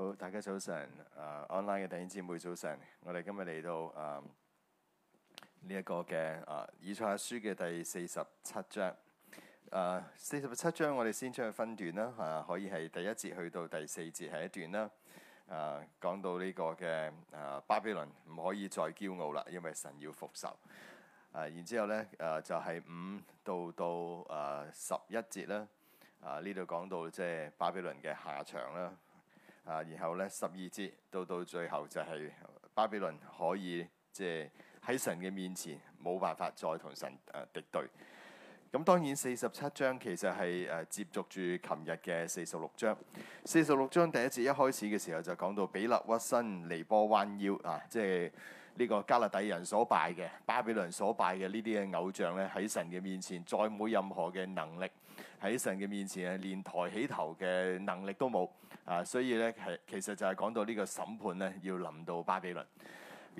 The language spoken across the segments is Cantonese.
好，大家早晨。誒，online 嘅弟兄姊妹，早晨。我哋今日嚟到誒呢一個嘅誒、啊、以賽亞、啊、書嘅第四十七章。誒四十七章，我哋先將佢分段啦。誒、啊、可以係第一節去到第四節係一段啦。誒、啊、講到呢個嘅誒、啊、巴比倫唔可以再驕傲啦，因為神要復仇。誒、啊、然之後咧誒、啊、就係、是、五到到誒十一節啦。誒呢度講到即係巴比倫嘅下場啦。啊，然後咧，十二節到到最後就係巴比倫可以即係喺神嘅面前冇辦法再同神誒呃、敵對。咁當然四十七章其實係誒、呃、接續住琴日嘅四十六章。四十六章第一節一開始嘅時候就講到比勒屈身、尼波彎腰啊，即係呢個加勒底人所拜嘅巴比倫所拜嘅呢啲嘅偶像咧，喺神嘅面前再冇任何嘅能力，喺神嘅面前係連抬起頭嘅能力都冇。啊，所以咧，係其實就係講到呢個審判咧，要臨到巴比倫。誒、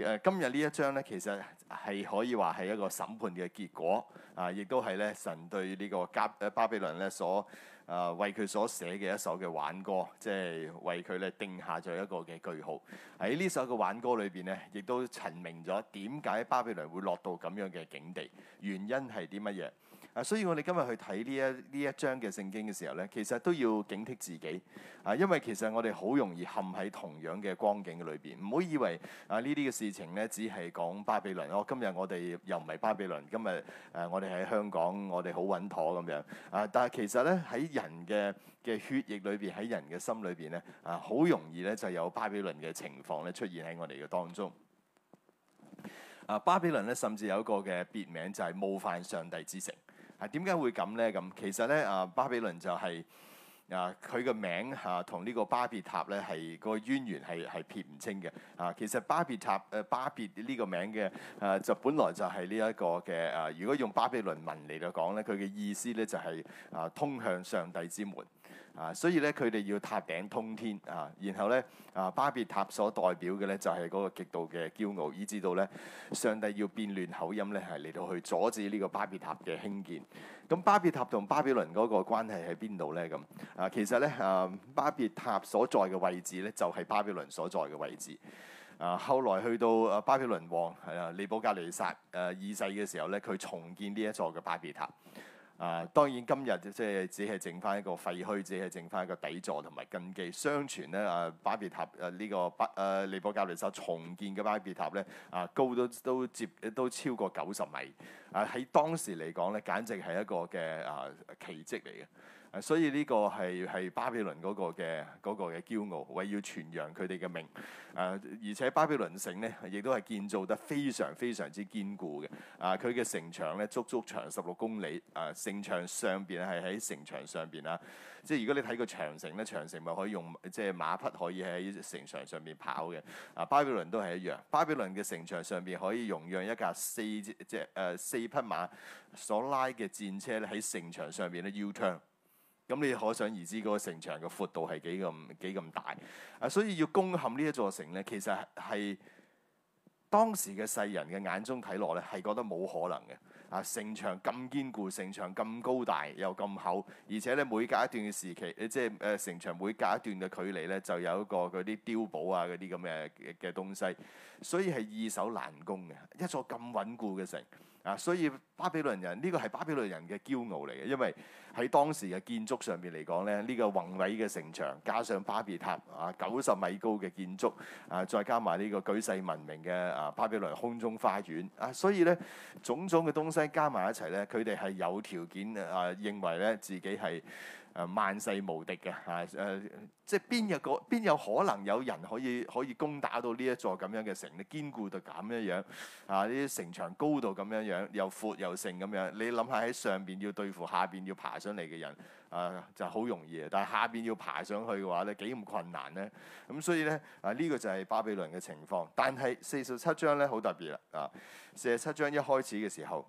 呃，今日呢一章咧，其實係可以話係一個審判嘅結果。啊，亦都係咧，神對呢個加誒、呃、巴比倫咧所誒、呃、為佢所寫嘅一首嘅挽歌，即係為佢咧定下咗一個嘅句號。喺呢首嘅挽歌裏邊咧，亦都陳明咗點解巴比倫會落到咁樣嘅境地，原因係啲乜嘢？啊！所以我哋今日去睇呢一呢一章嘅聖經嘅時候咧，其實都要警惕自己啊，因為其實我哋好容易陷喺同樣嘅光景裏邊。唔好以為啊呢啲嘅事情咧，只係講巴比倫咯、啊。今日我哋又唔係巴比倫，今日誒、啊、我哋喺香港，我哋好穩妥咁樣啊。但係其實咧，喺人嘅嘅血液裏邊，喺人嘅心裏邊咧啊，好容易咧就有巴比倫嘅情況咧出現喺我哋嘅當中。啊，巴比倫咧甚至有一個嘅別名就係、是、冒犯上帝之城。啊，點解會咁咧？咁其實咧，啊巴比倫就係、是、啊佢個名嚇同呢個巴別塔咧係、那個淵源係係撇唔清嘅。啊，其實巴別塔誒、啊、巴別呢個名嘅啊就本來就係呢一個嘅啊，如果用巴比倫文嚟講咧，佢嘅意思咧就係、是、啊通向上帝之門。啊，所以咧，佢哋要塔頂通天啊，然後咧，啊巴別塔所代表嘅咧就係、是、嗰個極度嘅驕傲，以至到咧上帝要變亂口音咧，係嚟到去阻止呢個巴別塔嘅興建。咁、啊、巴別塔同巴比倫嗰個關係喺邊度咧？咁啊，其實咧啊巴別塔所在嘅位置咧就係、是、巴比倫所在嘅位置啊。後來去到啊巴比倫王係啊尼布甲尼撒誒二世嘅時候咧，佢重建呢一座嘅巴別塔。啊，當然今日即係只係剩翻一個廢墟，只係剩翻一個底座同埋根基。相傳咧，啊巴別塔誒呢、啊這個巴誒、啊、尼布甲尼撒所重建嘅巴比塔咧，啊高都都接都超過九十米，啊喺當時嚟講咧，簡直係一個嘅啊奇蹟嚟嘅。所以呢個係係巴比倫嗰個嘅嗰個嘅驕傲，為要傳揚佢哋嘅名。誒、啊，而且巴比倫城呢，亦都係建造得非常非常之堅固嘅。啊，佢嘅城牆呢，足足長十六公里。啊，城牆上邊係喺城牆上邊啊，即係如果你睇過長城呢，長城咪可以用即係馬匹可以喺城牆上面跑嘅。啊，巴比倫都係一樣。巴比倫嘅城牆上邊可以容讓一架四即係誒、呃、四匹馬所拉嘅戰車咧，喺城牆上邊咧繞圈。U turn。咁你可想而知嗰、那個城牆嘅闊度係幾咁幾咁大啊！所以要攻陷呢一座城咧，其實係當時嘅世人嘅眼中睇落咧，係覺得冇可能嘅啊！城牆咁堅固，城牆咁高大又咁厚，而且咧每隔一段嘅時期，你即係誒城牆每隔一段嘅距離咧，就有一個嗰啲碉堡啊，嗰啲咁嘅嘅東西，所以係易守難攻嘅一座咁穩固嘅城。啊，所以巴比倫人呢個係巴比倫人嘅驕傲嚟嘅，因為喺當時嘅建築上邊嚟講咧，呢個宏偉嘅城牆加上巴比塔啊，九十米高嘅建築啊，再加埋呢個舉世聞名嘅啊巴比倫空中花園啊，所以咧種種嘅東西加埋一齊咧，佢哋係有條件啊認為咧自己係。誒、啊、萬世無敵嘅，係、啊、誒，即係邊有個邊有可能有人可以可以攻打到呢一座咁樣嘅城，你堅固到咁樣樣，啊！呢啲、啊、城牆高度咁樣樣，又闊又盛咁樣，你諗下喺上邊要對付下邊要爬上嚟嘅人，啊，就好容易啊！但係下邊要爬上去嘅話咧，幾咁困難咧？咁所以咧，啊呢個就係巴比倫嘅情況。但係四十七章咧好特別啦，啊，四十七章一開始嘅時候。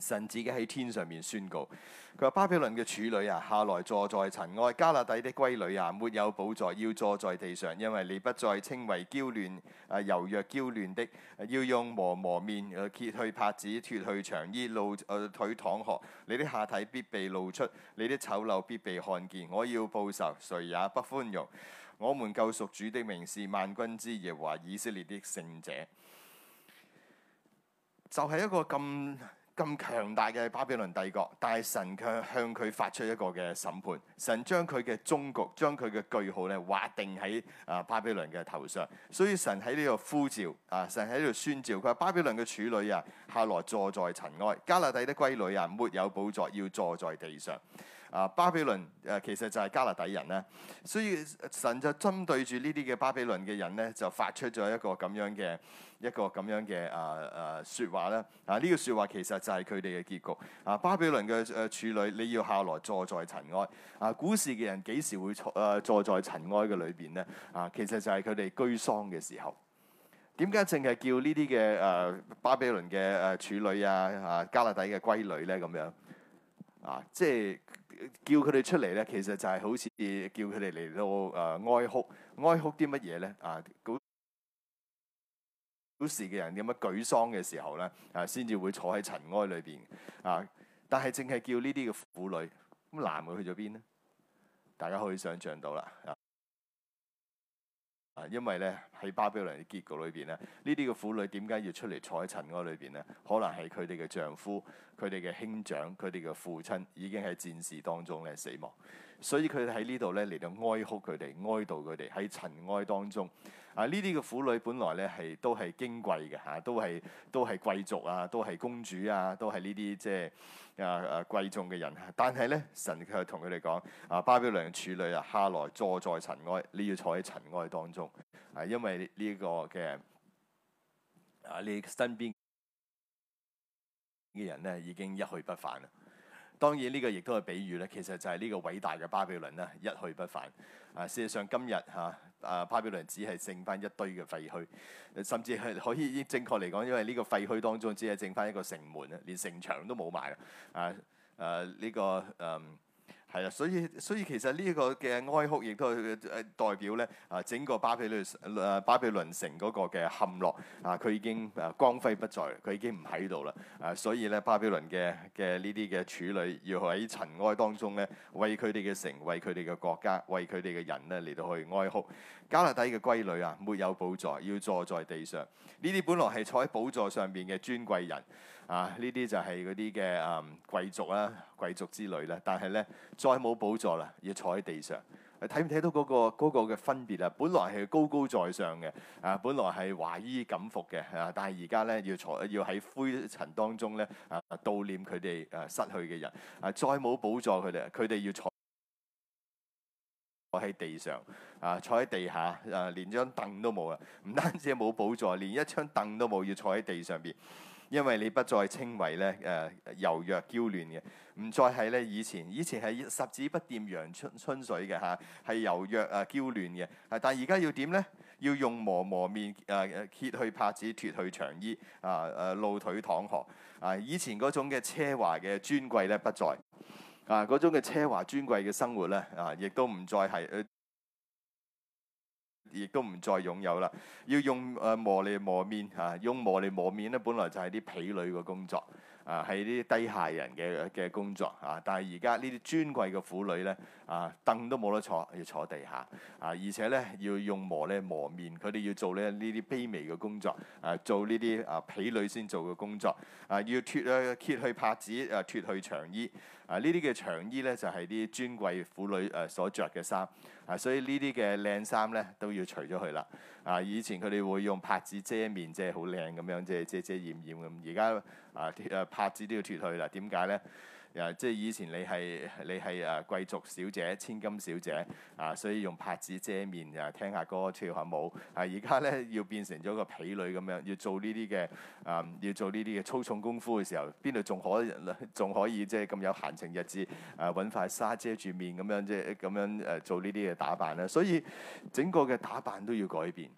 神自己喺天上面宣告：佢話巴比倫嘅處女啊，下來坐在塵埃；加勒底的閨女啊，沒有寶座，要坐在地上，因為你不再稱為嬌嫩啊、呃、柔弱嬌嫩的、呃，要用磨磨麵，揭去帕子，脫去長衣，露、呃、腿躺殼。你的下體必被露出，你的醜陋必被看見，我要報仇，誰也不寬容。我們救贖主的名是萬軍之耶和華以色列的聖者，就係、是、一個咁。咁強大嘅巴比倫帝國，但係神卻向佢發出一個嘅審判，神將佢嘅終局，將佢嘅句號咧劃定喺啊巴比倫嘅頭上。所以神喺呢度呼召，啊神喺呢度宣召，佢話巴比倫嘅處女啊，下來坐在塵埃；迦勒底的閨女啊，沒有寶座，要坐在地上。啊巴比倫誒其實就係加勒底人咧，所以神就針對住呢啲嘅巴比倫嘅人咧，就發出咗一個咁樣嘅一個咁樣嘅啊啊說話咧啊，呢個說話其實就係佢哋嘅結局。啊巴比倫嘅誒處女，你要下來坐在塵埃。啊古時嘅人幾時會坐誒坐在塵埃嘅裏邊咧？啊其實就係佢哋居喪嘅時候，點解淨係叫呢啲嘅誒巴比倫嘅誒處女啊啊加勒底嘅閨女咧咁樣啊即係？叫佢哋出嚟咧，其實就係好似叫佢哋嚟到誒哀哭，哀哭啲乜嘢咧？啊，古時嘅人咁樣舉喪嘅時候咧，啊，先至會坐喺塵埃裏邊啊。但係淨係叫呢啲嘅婦女，咁男女去咗邊咧？大家可以想像到啦。啊。因為咧，喺巴比倫嘅結局裏邊咧，呢啲嘅婦女點解要出嚟坐喺塵埃裏邊咧？可能係佢哋嘅丈夫、佢哋嘅兄長、佢哋嘅父親已經喺戰事當中咧死亡，所以佢哋喺呢度咧嚟到哀哭佢哋、哀悼佢哋喺塵埃當中。啊！呢啲嘅婦女本來咧係都係矜貴嘅嚇，都係都係貴族啊，都係公主啊，都係呢啲即係啊啊貴重嘅人啊，但係咧，神卻同佢哋講：啊巴比倫處女啊，下來坐在塵埃，你要坐喺塵埃當中啊，因為呢個嘅啊你身邊嘅人咧已經一去不返啦。當然呢個亦都係比喻咧，其實就係呢個偉大嘅巴比倫啦，一去不返啊。事實上今日嚇。啊。啊，巴比倫只係剩翻一堆嘅廢墟，甚至係可以正確嚟講，因為呢個廢墟當中只係剩翻一個城門啊，連城牆都冇埋啊！啊，呢個嗯。係啦，所以所以其實呢一個嘅哀哭，亦都係代表咧啊整個巴比倫啊巴比倫城嗰個嘅陷落啊，佢已經啊光輝不在，佢已經唔喺度啦啊，所以咧巴比倫嘅嘅呢啲嘅處女，要喺塵埃當中咧，為佢哋嘅城，為佢哋嘅國家，為佢哋嘅人咧嚟到去哀哭。迦勒底嘅閨女啊，沒有寶座，要坐在地上。呢啲本來係坐喺寶座上邊嘅尊貴人。啊！呢啲就係嗰啲嘅啊貴族啦，貴族之類啦，但係咧再冇寶座啦，要坐喺地上。睇唔睇到嗰個嗰個嘅分別啊？本來係高高在上嘅啊，本來係華衣錦服嘅啊，但係而家咧要坐要喺灰塵當中咧啊悼念佢哋誒失去嘅人啊，再冇寶座佢哋，佢哋要坐坐喺地上啊，坐喺地下啊，連張凳都冇啊！唔單止冇寶座，連一張凳都冇，要坐喺地上邊。因為你不再稱為咧誒柔弱嬌嫩嘅，唔再係咧以前，以前係十指不沾陽春春水嘅嚇，係柔弱誒嬌嫩嘅、啊，但係而家要點咧？要用磨磨麵誒，揭、啊、去帕子脫去長衣啊誒，露腿趟河啊！以前嗰種嘅奢華嘅尊貴咧不再啊，嗰種嘅奢華尊貴嘅生活咧啊，亦都唔再係。呃亦都唔再擁有啦，要用誒磨嚟磨麵嚇、啊，用磨嚟磨麵咧，本來就係啲婢女嘅工作啊，係啲低下人嘅嘅工作嚇、啊。但係而家呢啲尊貴嘅婦女咧啊，凳都冇得坐，要坐地下啊，而且咧要用磨咧磨麵，佢哋要做咧呢啲卑微嘅工作啊，做呢啲啊婢女先做嘅工作啊，要脱啊揭去帕子啊，脱去長衣。啊！呢啲嘅長衣咧，就係、是、啲尊貴婦女誒、呃、所着嘅衫啊，所以呢啲嘅靚衫咧都要除咗佢啦。啊，以前佢哋會用帕子遮面，即係好靚咁樣，即係遮遮掩掩咁。而家啊，誒、啊、帕子都要脱去啦。點解咧？即係以前你係你係，誒貴族小姐、千金小姐啊，所以用帕子遮面，誒、啊、聽下歌、跳下舞。啊，而家咧要變成咗個婢女咁樣，要做呢啲嘅啊，要做呢啲嘅粗重功夫嘅時候，邊度仲可仲可以即係咁有閒情逸致誒，揾塊沙遮住面咁樣，即係咁樣，誒、啊、做呢啲嘅打扮咧？所以整個嘅打扮都要改變。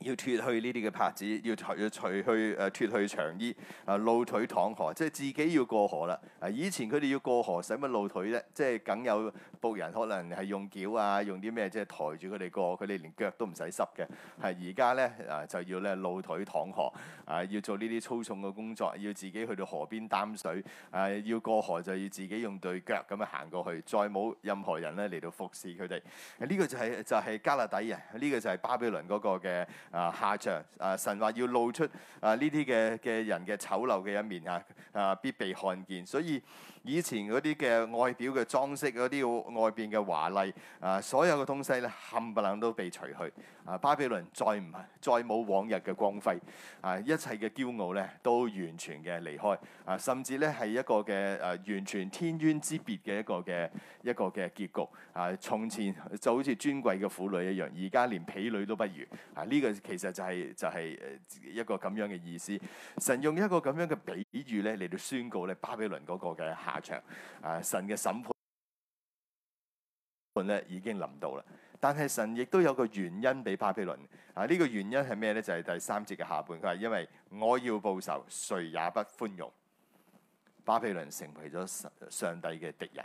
要脫去呢啲嘅帕子，要除要除去誒脫去長衣啊，露腿淌河，即係自己要過河啦。啊，以前佢哋要過河使乜露腿咧？即係梗有僕人可能係用轎啊，用啲咩即係抬住佢哋過河，佢哋連腳都唔使濕嘅。係而家咧啊，就要咧露腿淌河啊，要做呢啲粗重嘅工作，要自己去到河邊擔水啊，要過河就要自己用對腳咁樣行過去，再冇任何人咧嚟到服侍佢哋。呢個就係就係加勒底人，呢個就係巴比倫嗰個嘅。啊，下場啊，神話要露出啊，呢啲嘅嘅人嘅醜陋嘅一面啊，啊必被看見，所以。以前嗰啲嘅外表嘅裝飾，嗰啲外邊嘅華麗，啊，所有嘅東西咧冚唪唥都被除去啊！巴比倫再唔係，再冇往日嘅光輝，啊！一切嘅驕傲咧都完全嘅離開，啊！甚至咧係一個嘅誒、啊、完全天淵之別嘅一個嘅一個嘅結局啊！從前就好似尊貴嘅婦女一樣，而家連婢女都不如啊！呢、這個其實就係、是、就係、是、誒一個咁樣嘅意思。神用一個咁樣嘅比喻咧嚟到宣告咧巴比倫嗰個嘅。下場啊！神嘅審判判咧已經臨到啦。但係神亦都有個原因俾巴比倫啊！呢、這個原因係咩咧？就係、是、第三節嘅下半，佢係因為我要報仇，誰也不寬容。巴比倫成為咗上帝嘅敵人，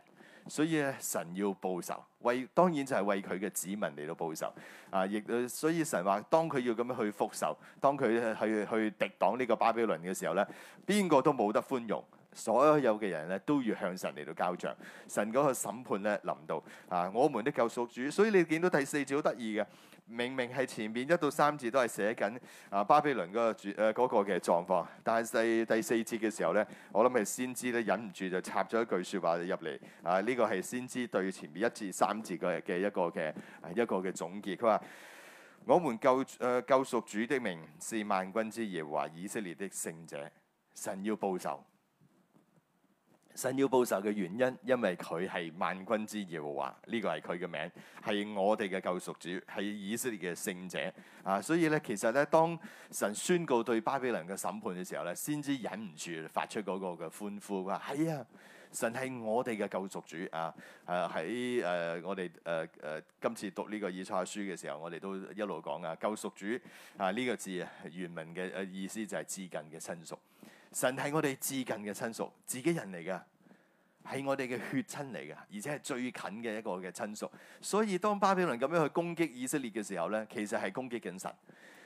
所以咧、啊、神要報仇，為當然就係為佢嘅子民嚟到報仇啊！亦所以神話當佢要咁樣去復仇，當佢係去敵擋呢個巴比倫嘅時候咧，邊個都冇得寬容。所有嘅人咧都要向神嚟到交賬，神嗰個審判咧臨到啊！我們的救贖主，所以你見到第四節好得意嘅，明明係前面一到三節都係寫緊啊巴比倫主、呃那個主誒嗰個嘅狀況，但係第第四節嘅時候咧，我諗係先知咧忍唔住就插咗一句說話入嚟啊！呢、這個係先知對前面一至三節嘅嘅一個嘅一個嘅總結。佢話：我們救誒、呃、救贖主的名是萬軍之耶和華以色列的聖者，神要報仇。神要報仇嘅原因，因為佢係萬軍之耶和華，呢、這個係佢嘅名，係我哋嘅救贖主，係以色列嘅聖者啊！所以咧，其實咧，當神宣告對巴比倫嘅審判嘅時候咧，先至忍唔住發出嗰個嘅歡呼，話係、哎、啊！神係我哋嘅救贖主啊！喺誒、呃、我哋誒誒今次讀呢個以賽亞書嘅時候，我哋都一路講啊，救贖主啊呢個字啊，原文嘅誒意思就係至近嘅親屬。神係我哋至近嘅親屬，自己人嚟噶，係我哋嘅血親嚟噶，而且係最近嘅一個嘅親屬。所以當巴比倫咁樣去攻擊以色列嘅時候咧，其實係攻擊緊神。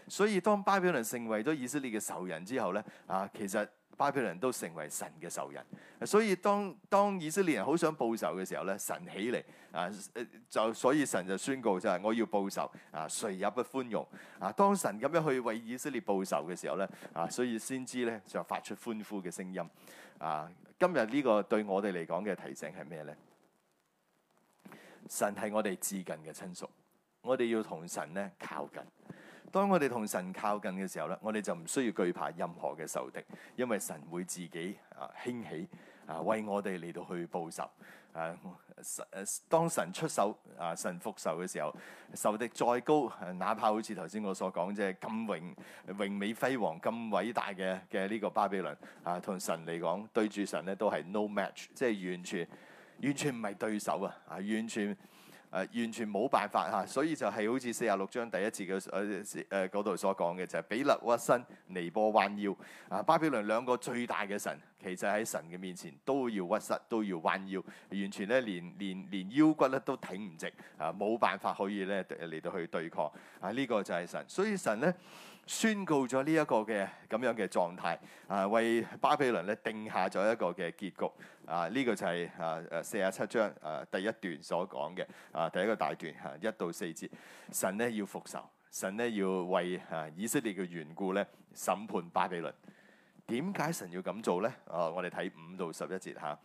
所以當巴比倫成為咗以色列嘅仇人之後咧，啊，其實。巴比倫都成為神嘅仇人，所以當當以色列人好想報仇嘅時候咧，神起嚟啊，就所以神就宣告就係我要報仇啊，誰也不寬容啊。當神咁樣去為以色列報仇嘅時候咧啊，所以先知咧就發出歡呼嘅聲音啊。今日呢個對我哋嚟講嘅提醒係咩咧？神係我哋至近嘅親屬，我哋要同神咧靠近。當我哋同神靠近嘅時候咧，我哋就唔需要懼怕任何嘅仇敵，因為神會自己啊興起啊為我哋嚟到去報仇啊，神，當神出手啊，神復仇嘅時候，仇敵再高，哪怕好似頭先我所講即係咁榮榮美輝煌咁偉大嘅嘅呢個巴比倫啊，同神嚟講，對住神咧都係 no match，即係完全完全唔係對手啊，啊完全。完全誒、呃、完全冇辦法嚇、啊，所以就係好似四十六章第一節嘅誒誒嗰度所講嘅，就係、是、比勒屈身、尼波彎腰啊！巴比倫兩個最大嘅神，其實喺神嘅面前都要屈膝，都要彎腰，完全咧連連連腰骨咧都挺唔直啊！冇辦法可以咧嚟到去對抗啊！呢、這個就係神，所以神咧。宣告咗呢一個嘅咁樣嘅狀態，啊，為巴比倫咧定下咗一個嘅結局，啊，呢、這個就係、是、啊，誒四十七章啊第一段所講嘅啊第一個大段嚇、啊、一到四節，神咧要復仇，神咧要為啊以色列嘅緣故咧審判巴比倫。點解神要咁做咧？哦、啊，我哋睇五到十一節嚇。啊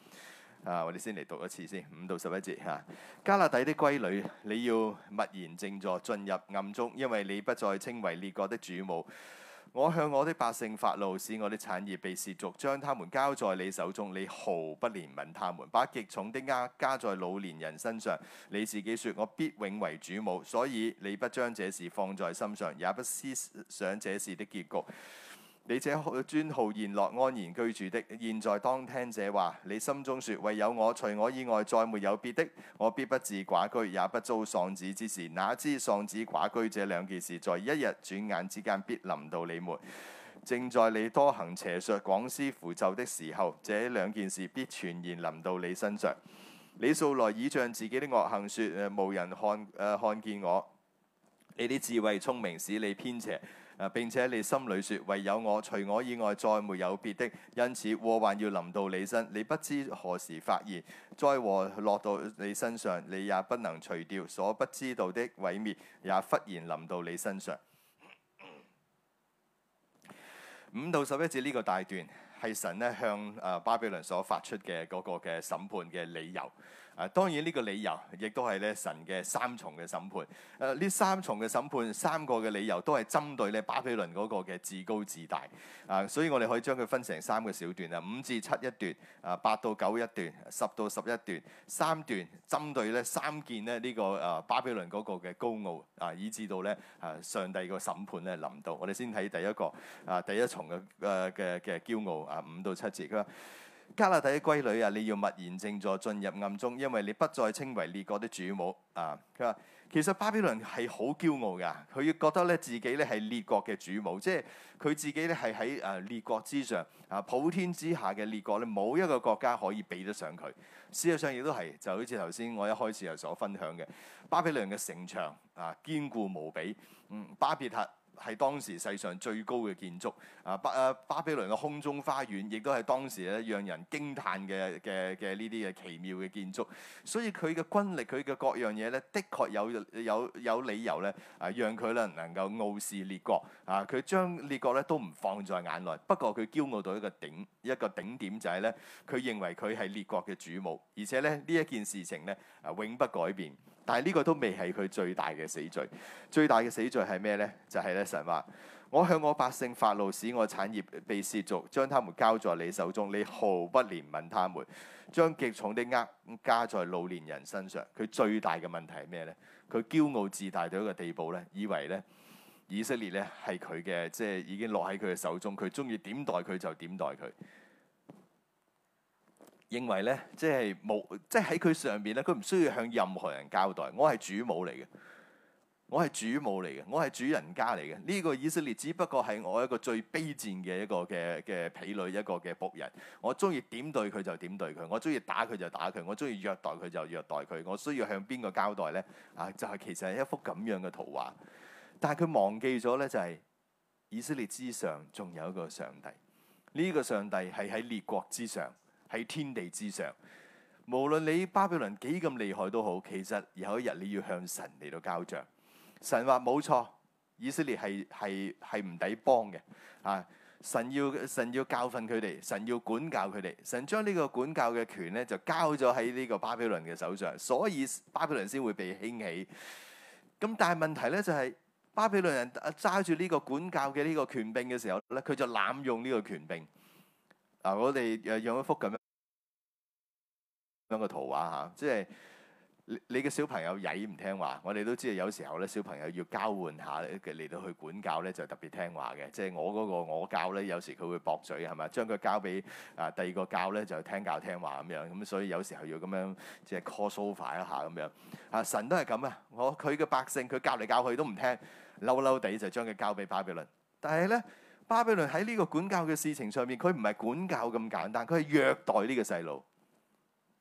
啊！我哋先嚟讀一次先，五到十一節嚇。啊、迦勒底的閨女，你要默然靜坐，進入暗中，因為你不再稱為列國的主母。我向我的百姓發怒，使我的產業被褻瀆，將他們交在你手中，你毫不憐憫他們，把極重的軛加在老年人身上。你自己説：我必永為主母，所以你不將這事放在心上，也不思想這事的結局。你這專好宴樂安然居住的，現在當聽這話。你心中説：唯有我，除我以外，再沒有別的。我必不自寡居，也不遭喪子之事。哪知喪子寡居這兩件事，在一日轉眼之間必臨到你們。正在你多行邪術、廣施符咒的時候，這兩件事必全然臨到你身上。你素來倚仗自己的惡行說，説、呃：無人看、呃、看見我。你的智慧聰明使你偏邪。啊！並且你心裏説：唯有我，除我以外再沒有有別的。因此，禍患要臨到你身，你不知何時發現災禍落到你身上，你也不能除掉所不知道的毀滅，也忽然臨到你身上。五到十一節呢個大段，係神咧向啊巴比倫所發出嘅嗰個嘅審判嘅理由。啊，當然呢個理由亦都係咧神嘅三重嘅審判。誒、呃，呢三重嘅審判三個嘅理由都係針對咧巴比倫嗰個嘅自高自大。啊，所以我哋可以將佢分成三個小段啊，五至七一段，啊八到九一段，十到十一段，三段針對咧三件咧呢、這個誒、啊、巴比倫嗰個嘅高傲啊，以至到咧誒、啊、上帝個審判咧臨到，我哋先睇第一個啊第一重嘅誒嘅嘅驕傲啊五到七節。迦勒底嘅閨女啊，你要默然靜坐，進入暗中，因為你不再稱為列國的主母啊。佢話，其實巴比倫係好驕傲噶，佢要覺得咧自己咧係列國嘅主母，即係佢自己咧係喺誒列國之上啊，普天之下嘅列國咧冇一個國家可以比得上佢。事實上亦都係，就好似頭先我一開始又所分享嘅，巴比倫嘅城牆啊堅固無比。嗯，巴別塔。係當時世上最高嘅建築，啊巴啊巴比倫嘅空中花園，亦都係當時咧讓人驚歎嘅嘅嘅呢啲嘅奇妙嘅建築。所以佢嘅軍力，佢嘅各樣嘢咧，的確有有有理由咧啊，讓佢能能夠傲視列國啊！佢將列國咧都唔放在眼內，不過佢驕傲到一個頂一個頂點就係咧，佢認為佢係列國嘅主母，而且咧呢一件事情咧啊永不改變。但係呢個都未係佢最大嘅死罪，最大嘅死罪係咩咧？就係、是、咧神話，我向我百姓發怒，使我產業被褻瀆，將他們交在你手中，你毫不憐憫他們，將極重的軛加在老年人身上。佢最大嘅問題係咩咧？佢驕傲自大到一個地步咧，以為咧。以色列咧係佢嘅，即係已經落喺佢嘅手中。佢中意點待佢就點待佢。認為咧，即係冇，即係喺佢上邊咧，佢唔需要向任何人交代。我係主母嚟嘅，我係主母嚟嘅，我係主人家嚟嘅。呢、這個以色列只不過係我一個最卑賤嘅一個嘅嘅婢女，一個嘅僕人。我中意點對佢就點對佢，我中意打佢就打佢，我中意虐待佢就虐待佢。我需要向邊個交代咧？啊，就係、是、其實係一幅咁樣嘅圖畫。但係佢忘記咗咧，就係以色列之上仲有一個上帝。呢個上帝係喺列國之上，喺天地之上。無論你巴比倫幾咁厲害都好，其實有一日你要向神嚟到交帳。神話冇錯，以色列係係係唔抵幫嘅啊！神要神要教訓佢哋，神要管教佢哋，神將呢個管教嘅權咧就交咗喺呢個巴比倫嘅手上，所以巴比倫先會被興起。咁但係問題咧就係、是。巴比倫人揸住呢個管教嘅呢個權柄嘅時候咧，佢就濫用呢個權柄。嗱、啊，我哋誒用一幅咁樣咁嘅圖畫嚇、啊，即係你嘅小朋友曳唔聽話，我哋都知啊。有時候咧，小朋友要交換下嚟到去管教咧，就特別聽話嘅。即係我嗰、那個我教咧，有時佢會駁嘴，係咪？將佢交俾啊第二個教咧，就聽教聽話咁樣。咁所以有時候要咁樣即係 call sofa 一下咁樣。啊，神都係咁啊！我佢嘅百姓，佢教嚟教去都唔聽。嬲嬲地就將佢交俾巴比倫，但係咧巴比倫喺呢個管教嘅事情上面，佢唔係管教咁簡單，佢係虐待呢個細路。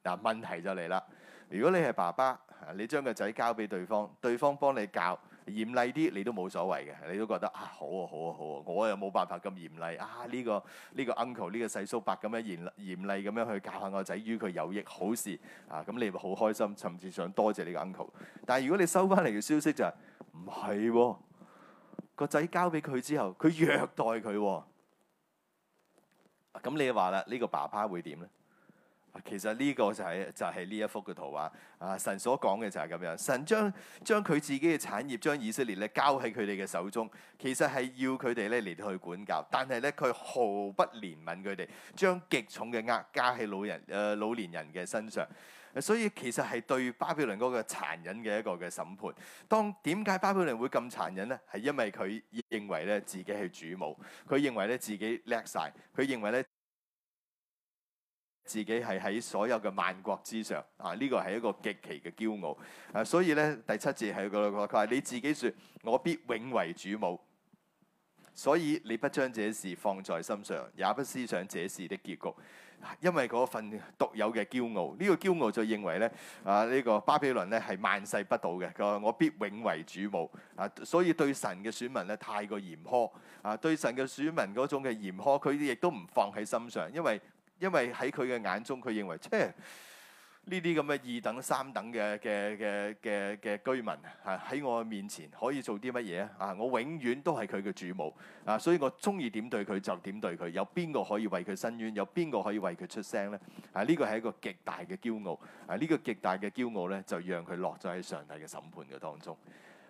嗱，啊，問題就嚟啦！如果你係爸爸，你將個仔交俾對方，對方幫你教嚴厲啲，你都冇所謂嘅，你都覺得啊好啊好啊好啊，我又冇辦法咁嚴厲啊，呢個呢個 uncle 呢個細叔伯咁樣嚴嚴厲咁樣去教下個仔，於佢有益好事啊，咁你會好開心，甚至想多謝呢個 uncle。但係如果你收翻嚟嘅消息就係，唔係，個仔、哦、交俾佢之後，佢虐待佢、哦。咁、啊、你話啦，呢、這個爸爸會點呢、啊？其實呢個就係、是、就係、是、呢一幅嘅圖畫。啊，神所講嘅就係咁樣，神將將佢自己嘅產業，將以色列咧交喺佢哋嘅手中，其實係要佢哋咧嚟到去管教，但係咧佢毫不憐憫佢哋，將極重嘅壓加喺老人誒、呃、老年人嘅身上。所以其實係對巴比倫嗰個殘忍嘅一個嘅審判。當點解巴比倫會咁殘忍呢？係因為佢認為咧自己係主母，佢認為咧自己叻晒。佢認為咧自己係喺所有嘅萬國之上。啊，呢個係一個極其嘅驕傲。啊，所以咧第七節係佢話你自己説，我必永為主母。所以你不將這事放在心上，也不思想這事的結局。因為嗰份獨有嘅驕傲，呢個驕傲就認為咧啊，呢個巴比倫咧係萬世不倒嘅，佢話我必永為主母啊，所以對神嘅選民咧太過嚴苛啊，對神嘅選民嗰種嘅嚴苛，佢亦都唔放喺心上，因為因為喺佢嘅眼中，佢認為即呢啲咁嘅二等三等嘅嘅嘅嘅嘅居民啊，喺我面前可以做啲乜嘢啊？我永遠都係佢嘅主母啊，所以我中意點對佢就點對佢。有邊個可以為佢伸冤？有邊個可以為佢出聲呢？啊，呢個係一個極大嘅驕傲。啊，呢個極大嘅驕傲呢，就讓佢落咗喺上帝嘅審判嘅當中。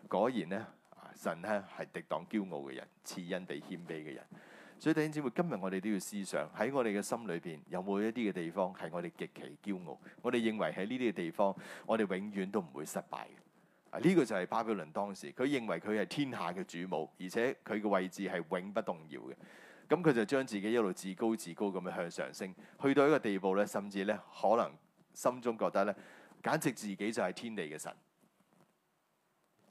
果然呢，神咧係敵擋驕傲嘅人，賜恩俾謙卑嘅人。所以弟兄姊妹，今日我哋都要思想喺我哋嘅心裏邊，有冇一啲嘅地方係我哋極其驕傲？我哋認為喺呢啲嘅地方，我哋永遠都唔會失敗嘅。啊，呢個就係巴比倫當時，佢認為佢係天下嘅主母，而且佢嘅位置係永不動搖嘅。咁，嗯，佢就將自己一路自高自高咁樣向上升，去到一個地步咧，甚至咧可能心中覺得咧，簡直自己就係天地嘅神，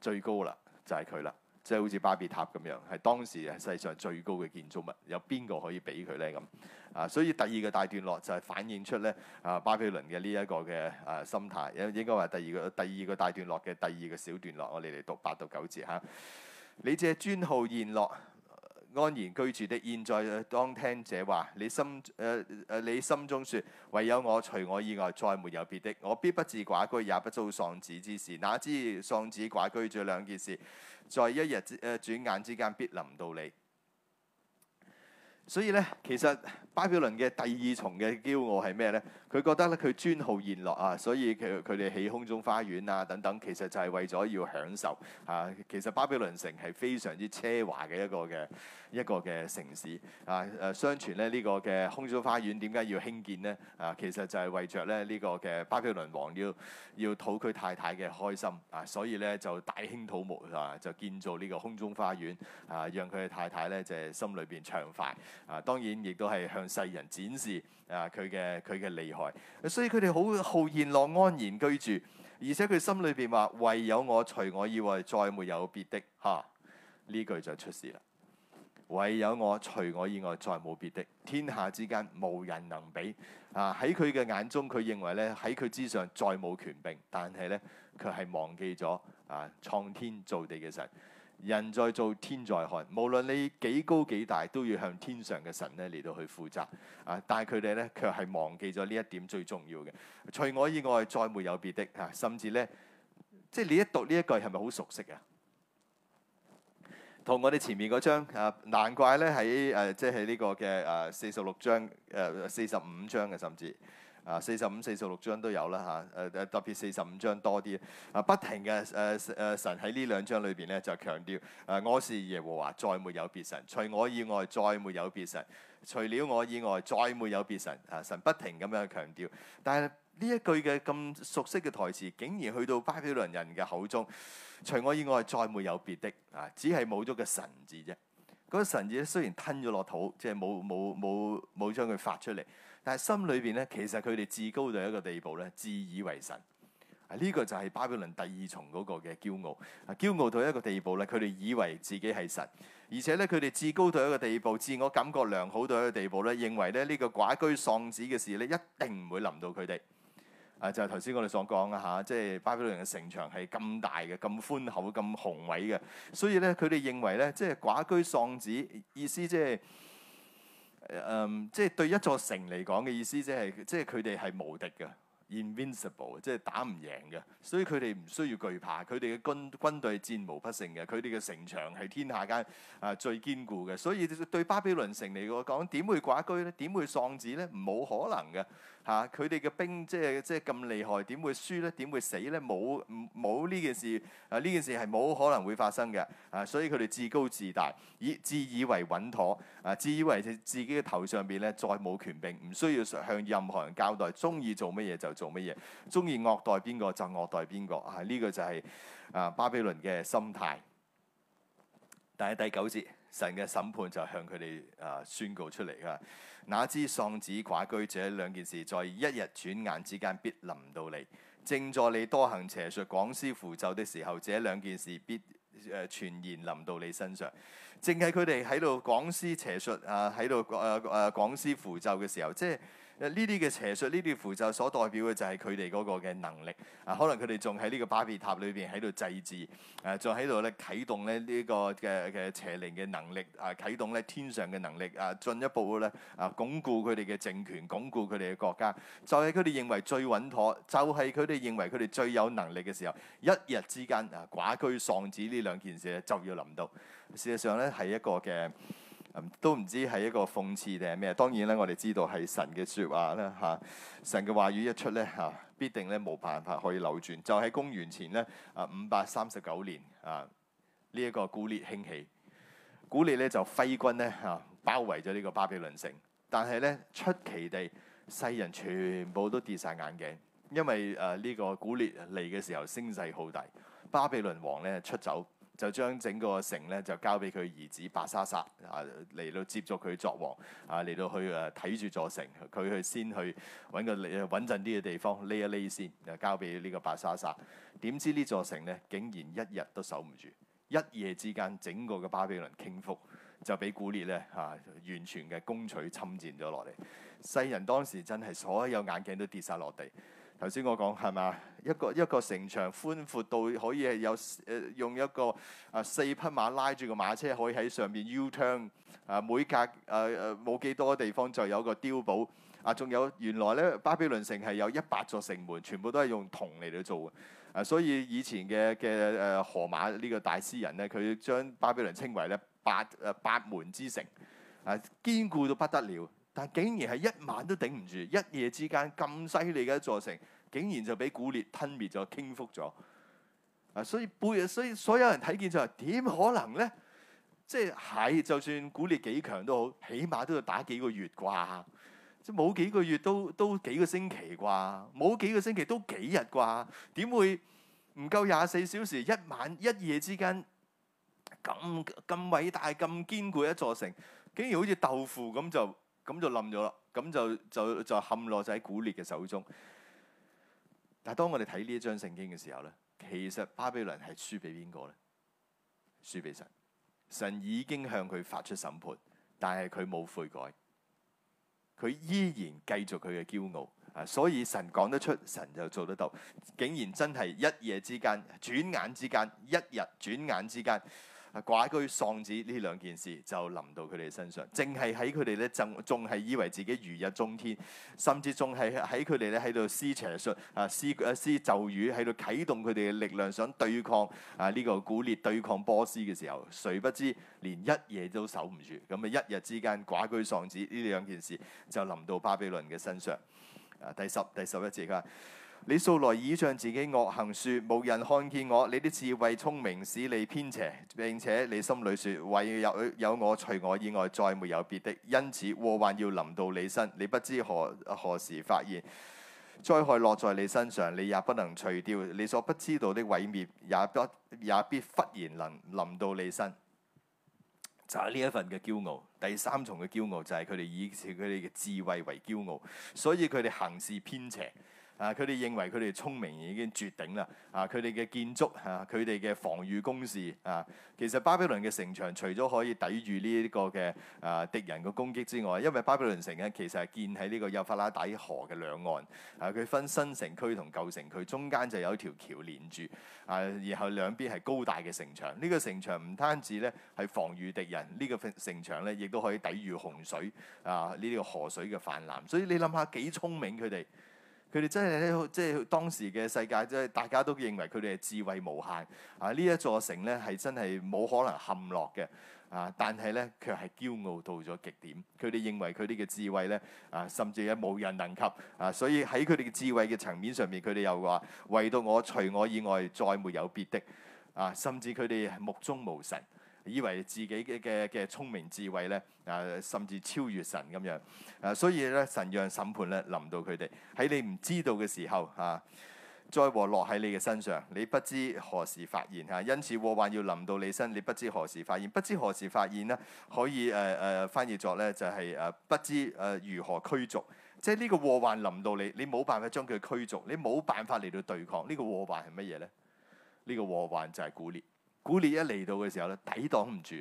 最高啦，就係佢啦。即係好似巴比塔咁樣，係當時係世上最高嘅建築物，有邊個可以比佢咧咁？啊，所以第二個大段落就係反映出咧啊巴比倫嘅呢一個嘅啊心態，應應該話第二個第二個大段落嘅第二個小段落，我哋嚟讀八到九節嚇。你這專好宴樂，安然居住的，現在當聽這話。你心誒誒、呃，你心中説：唯有我，除我以外，再沒有別的。我必不自寡居，也不遭喪子之事。哪知喪子寡居這兩件事，在一日之、呃、轉眼之間，必臨到你。所以咧，其實巴比倫嘅第二重嘅驕傲係咩咧？佢覺得咧，佢專好宴樂啊，所以佢佢哋起空中花園啊等等，其實就係為咗要享受啊。其實巴比倫城係非常之奢華嘅一個嘅一個嘅城市啊。誒、啊，相傳咧呢、這個嘅空中花園點解要興建咧？啊，其實就係為着咧呢、這個嘅巴比倫王要要討佢太太嘅開心啊，所以咧就大興土木啊，就建造呢個空中花園啊，讓佢嘅太太咧就係心裏邊暢快。啊，當然亦都係向世人展示啊佢嘅佢嘅厲害，所以佢哋好豪宴樂安然居住，而且佢心裏邊話唯有我，除我以外再沒有別的。嚇、啊，呢句就出事啦！唯有我，除我以外再冇別的，天下之間無人能比。啊，喺佢嘅眼中，佢認為咧喺佢之上再冇權柄，但係咧佢係忘記咗啊，創天造地嘅神。人在做天在看，無論你幾高幾大，都要向天上嘅神咧嚟到去負責啊！但係佢哋咧卻係忘記咗呢一點最重要嘅。除我以外再沒有別的啊！甚至咧，即係你一讀呢一句係咪好熟悉啊？同我哋前面嗰章啊，難怪咧喺誒即係呢、啊就是、個嘅誒四十六章誒四十五章嘅甚至。啊，四十五、四十六章都有啦，嚇，誒特別四十五章多啲，啊，不停嘅誒誒神喺呢兩章裏邊咧就強調，誒我是耶和華，再沒有別神，除我以外再沒有別神，除了我以外再沒有別神，啊，神不停咁樣強調。但係呢一句嘅咁熟悉嘅台詞，竟然去到巴比倫人嘅口中，除我以外再沒有別的，啊，只係冇咗個神字啫。嗰個神字咧雖然吞咗落肚，即係冇冇冇冇將佢發出嚟。但係心裏邊咧，其實佢哋至高到一個地步咧，自以為神。啊，呢個就係巴比倫第二重嗰個嘅驕傲。啊，驕傲到一個地步咧，佢哋以為自己係神，而且咧佢哋至高到一個地步，自我感覺良好到一個地步咧，認為咧呢個寡居喪子嘅事咧，一定唔會臨到佢哋。啊，就係頭先我哋所講啊嚇，即係巴比倫嘅城牆係咁大嘅、咁寬厚、咁雄偉嘅，所以咧佢哋認為咧，即係寡居喪子意思即係。嗯，即係、um, 對一座城嚟講嘅意思、就是，即係即係佢哋係無敵嘅，invincible，即係打唔贏嘅，所以佢哋唔需要懼怕，佢哋嘅軍軍隊戰無不勝嘅，佢哋嘅城牆係天下間啊最堅固嘅，所以對巴比倫城嚟講，點會寡居呢？點會喪子呢？冇可能嘅。嚇！佢哋嘅兵即係即係咁厲害，點會輸咧？點會死咧？冇冇呢件事啊！呢件事係冇可能會發生嘅啊！所以佢哋自高自大，以自以為穩妥啊，自以為自己嘅頭上邊咧再冇權柄，唔需要向任何人交代，中意做乜嘢就做乜嘢，中意虐待邊個就虐待邊個啊！呢個就係啊巴比倫嘅心態。但係第九節。神嘅審判就向佢哋啊宣告出嚟啊！哪知喪子寡居這兩件事，在一日轉眼之間必臨到你。正在你多行邪術、廣施符咒的時候，這兩件事必誒全然臨到你身上。正係佢哋喺度廣施邪術啊，喺度誒誒廣施符咒嘅時候，即係。呢啲嘅邪術，呢啲符咒所代表嘅就係佢哋嗰個嘅能力啊，可能佢哋仲喺呢個巴比塔裏邊喺度祭祀，誒、啊，仲喺度咧啟動咧呢、呢個嘅嘅邪靈嘅能力，啊，啟動咧天上嘅能力，啊，進一步咧啊，鞏固佢哋嘅政權，鞏固佢哋嘅國家，就係佢哋認為最穩妥，就係佢哋認為佢哋最有能力嘅時候，一日之間啊，寡居喪子呢兩件事咧就要臨到，事實上咧係一個嘅。都唔知係一個諷刺定係咩？當然咧，我哋知道係神嘅説話啦嚇、啊。神嘅話語一出咧嚇、啊，必定咧冇辦法可以扭轉。就喺公元前咧啊五百三十九年啊，呢一、啊這個古列興起，古列咧就揮軍咧嚇、啊、包圍咗呢個巴比倫城。但係咧出奇地，世人全部都跌晒眼鏡，因為誒、啊、呢、這個古列嚟嘅時候聲勢浩大，巴比倫王咧出走。就將整個城咧，就交俾佢兒子伯沙撒啊，嚟到接咗佢作王啊，嚟到去誒睇住座城，佢去先去揾個嚟穩陣啲嘅地方匿一匿先，就交俾呢個伯沙撒。點知呢座城咧，竟然一日都守唔住，一夜之間整個嘅巴比倫傾覆，就俾古列咧嚇、啊、完全嘅攻取侵佔咗落嚟。世人當時真係所有眼鏡都跌晒落地。頭先我講係咪啊？一個一個城牆寬闊到可以係有誒、呃、用一個啊、呃、四匹馬拉住個馬車可以喺上面 U-turn 啊，每隔誒誒冇幾多地方就有個碉堡啊，仲有原來咧巴比倫城係有一百座城門，全部都係用銅嚟到做嘅啊，所以以前嘅嘅誒荷馬呢個大詩人咧，佢將巴比倫稱為咧八誒、呃、八門之城啊，堅固到不得了，但竟然係一晚都頂唔住，一夜之間咁犀利嘅一座城。竟然就俾古列吞滅咗、傾覆咗啊！所以背，所以所有人睇見就話、係：點可能咧？即係係，就算古列幾強都好，起碼都要打幾個月啩？即冇幾個月都都幾個星期啩？冇幾個星期都幾日啩？點會唔夠廿四小時一晚一夜之間，咁咁偉大咁堅固一座城，竟然好似豆腐咁就咁就冧咗啦？咁就就就陷落咗喺古列嘅手中。但當我哋睇呢一章聖經嘅時候咧，其實巴比倫係輸俾邊個咧？輸俾神。神已經向佢發出審判，但係佢冇悔改，佢依然繼續佢嘅驕傲。啊，所以神講得出，神就做得到。竟然真係一夜之間，轉眼之間，一日轉眼之間。寡居喪子呢兩件事就臨到佢哋身上，淨係喺佢哋咧，就仲係以為自己如日中天，甚至仲係喺佢哋咧喺度施邪術啊，施施、啊、咒語喺度啟動佢哋嘅力量，想對抗啊呢、這個古列對抗波斯嘅時候，誰不知連一夜都守唔住，咁啊一日之間寡居喪子呢兩件事就臨到巴比倫嘅身上。啊，第十第十一節噶。你素來倚仗自己惡行說，說無人看見我，你的智慧聰明使你偏邪。並且你心裏說：唯有有我，除我以外再沒有別的，因此禍患要臨到你身，你不知何何時發現災害落在你身上，你也不能除掉你所不知道的毀滅，也不也必忽然能臨到你身。就係呢一份嘅驕傲，第三重嘅驕傲就係佢哋以佢哋嘅智慧為驕傲，所以佢哋行事偏邪。啊！佢哋認為佢哋聰明已經絕頂啦。啊！佢哋嘅建築啊，佢哋嘅防禦工事啊，其實巴比倫嘅城牆除咗可以抵禦呢一個嘅啊敵人嘅攻擊之外，因為巴比倫城咧、啊、其實係建喺呢個幼發拉底河嘅兩岸啊，佢分新城區同舊城區，中間就有一條橋連住啊，然後兩邊係高大嘅城牆。呢、這個城牆唔單止咧係防禦敵人，呢、這個城牆咧亦都可以抵禦洪水啊呢、這個河水嘅泛濫。所以你諗下幾聰明佢哋。佢哋真係咧，即係當時嘅世界，即係大家都認為佢哋係智慧無限啊！呢一座城咧，係真係冇可能陷落嘅啊！但係咧，卻係驕傲到咗極點。佢哋認為佢哋嘅智慧咧啊，甚至係冇人能及啊！所以喺佢哋嘅智慧嘅層面上面，佢哋又話：唯獨我，除我以外，再沒有別的啊！甚至佢哋係目中無神。以為自己嘅嘅嘅聰明智慧咧，啊，甚至超越神咁樣，啊，所以咧，神讓審判咧臨到佢哋喺你唔知道嘅時候啊，災禍落喺你嘅身上，你不知何時發現嚇，因此禍患要臨到你身，你不知何時發現，不知何時發現咧，可以誒誒、呃、翻譯作咧就係、是、誒不知誒如何驅逐，即係呢個禍患臨到你，你冇辦法將佢驅逐，你冇辦法嚟到對抗、這個、禍呢、這個禍患係乜嘢咧？呢個禍患就係古列。古列一嚟到嘅時候咧，抵擋唔住。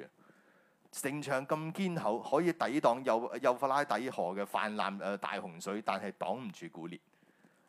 城牆咁堅厚，可以抵擋幼幼發拉底河嘅泛濫誒大洪水，但係擋唔住古列。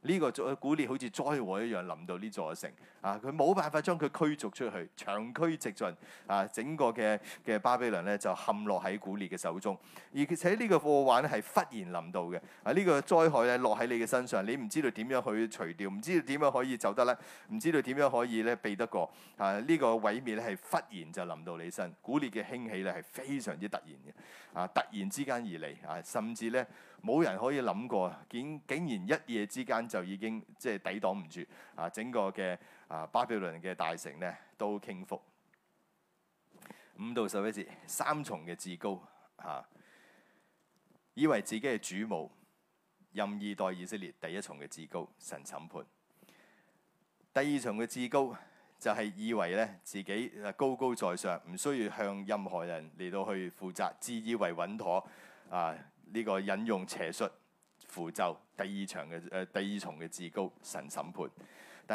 呢個古列好似災禍一樣臨到呢座城，啊佢冇辦法將佢驅逐出去，長驅直進，啊整個嘅嘅巴比倫咧就陷落喺古列嘅手中，而且個患呢個禍患咧係忽然臨到嘅，啊、這個、災呢個災害咧落喺你嘅身上，你唔知道點樣去除掉，唔知道點樣可以走得甩，唔知道點樣可以咧避得過，啊、這個、毀滅呢個毀滅咧係忽然就臨到你身，古列嘅興起咧係非常之突然嘅，啊突然之間而嚟，啊甚至咧。冇人可以諗過，竟竟然一夜之間就已經即係抵擋唔住啊！整個嘅啊巴比倫嘅大城呢，都傾覆。五到十一節，三重嘅至高嚇、啊，以為自己係主母，任意待以色列。第一重嘅至高，神審判；第二重嘅至高，就係、是、以為咧自己高高在上，唔需要向任何人嚟到去負責，自以為穩妥啊！呢個引用邪術符咒，第二場嘅誒、呃、第二重嘅至高神審判，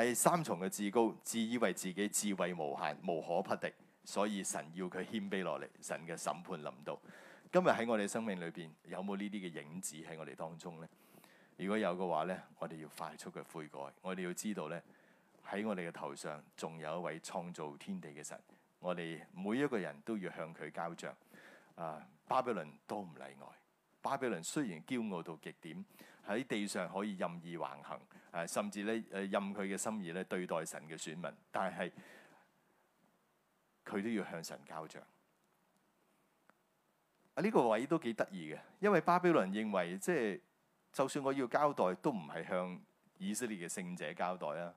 第三重嘅至高自以為自己智慧無限，無可匹敵，所以神要佢謙卑落嚟，神嘅審判臨到。今日喺我哋生命裏邊有冇呢啲嘅影子喺我哋當中呢？如果有嘅話呢，我哋要快速嘅悔改。我哋要知道呢，喺我哋嘅頭上仲有一位創造天地嘅神，我哋每一個人都要向佢交賬啊！巴比倫都唔例外。巴比倫雖然驕傲到極點，喺地上可以任意橫行，啊，甚至咧，任佢嘅心意咧對待神嘅選民，但係佢都要向神交賬。啊，呢、這個位都幾得意嘅，因為巴比倫認為，即、就、係、是、就算我要交代，都唔係向以色列嘅聖者交代啦。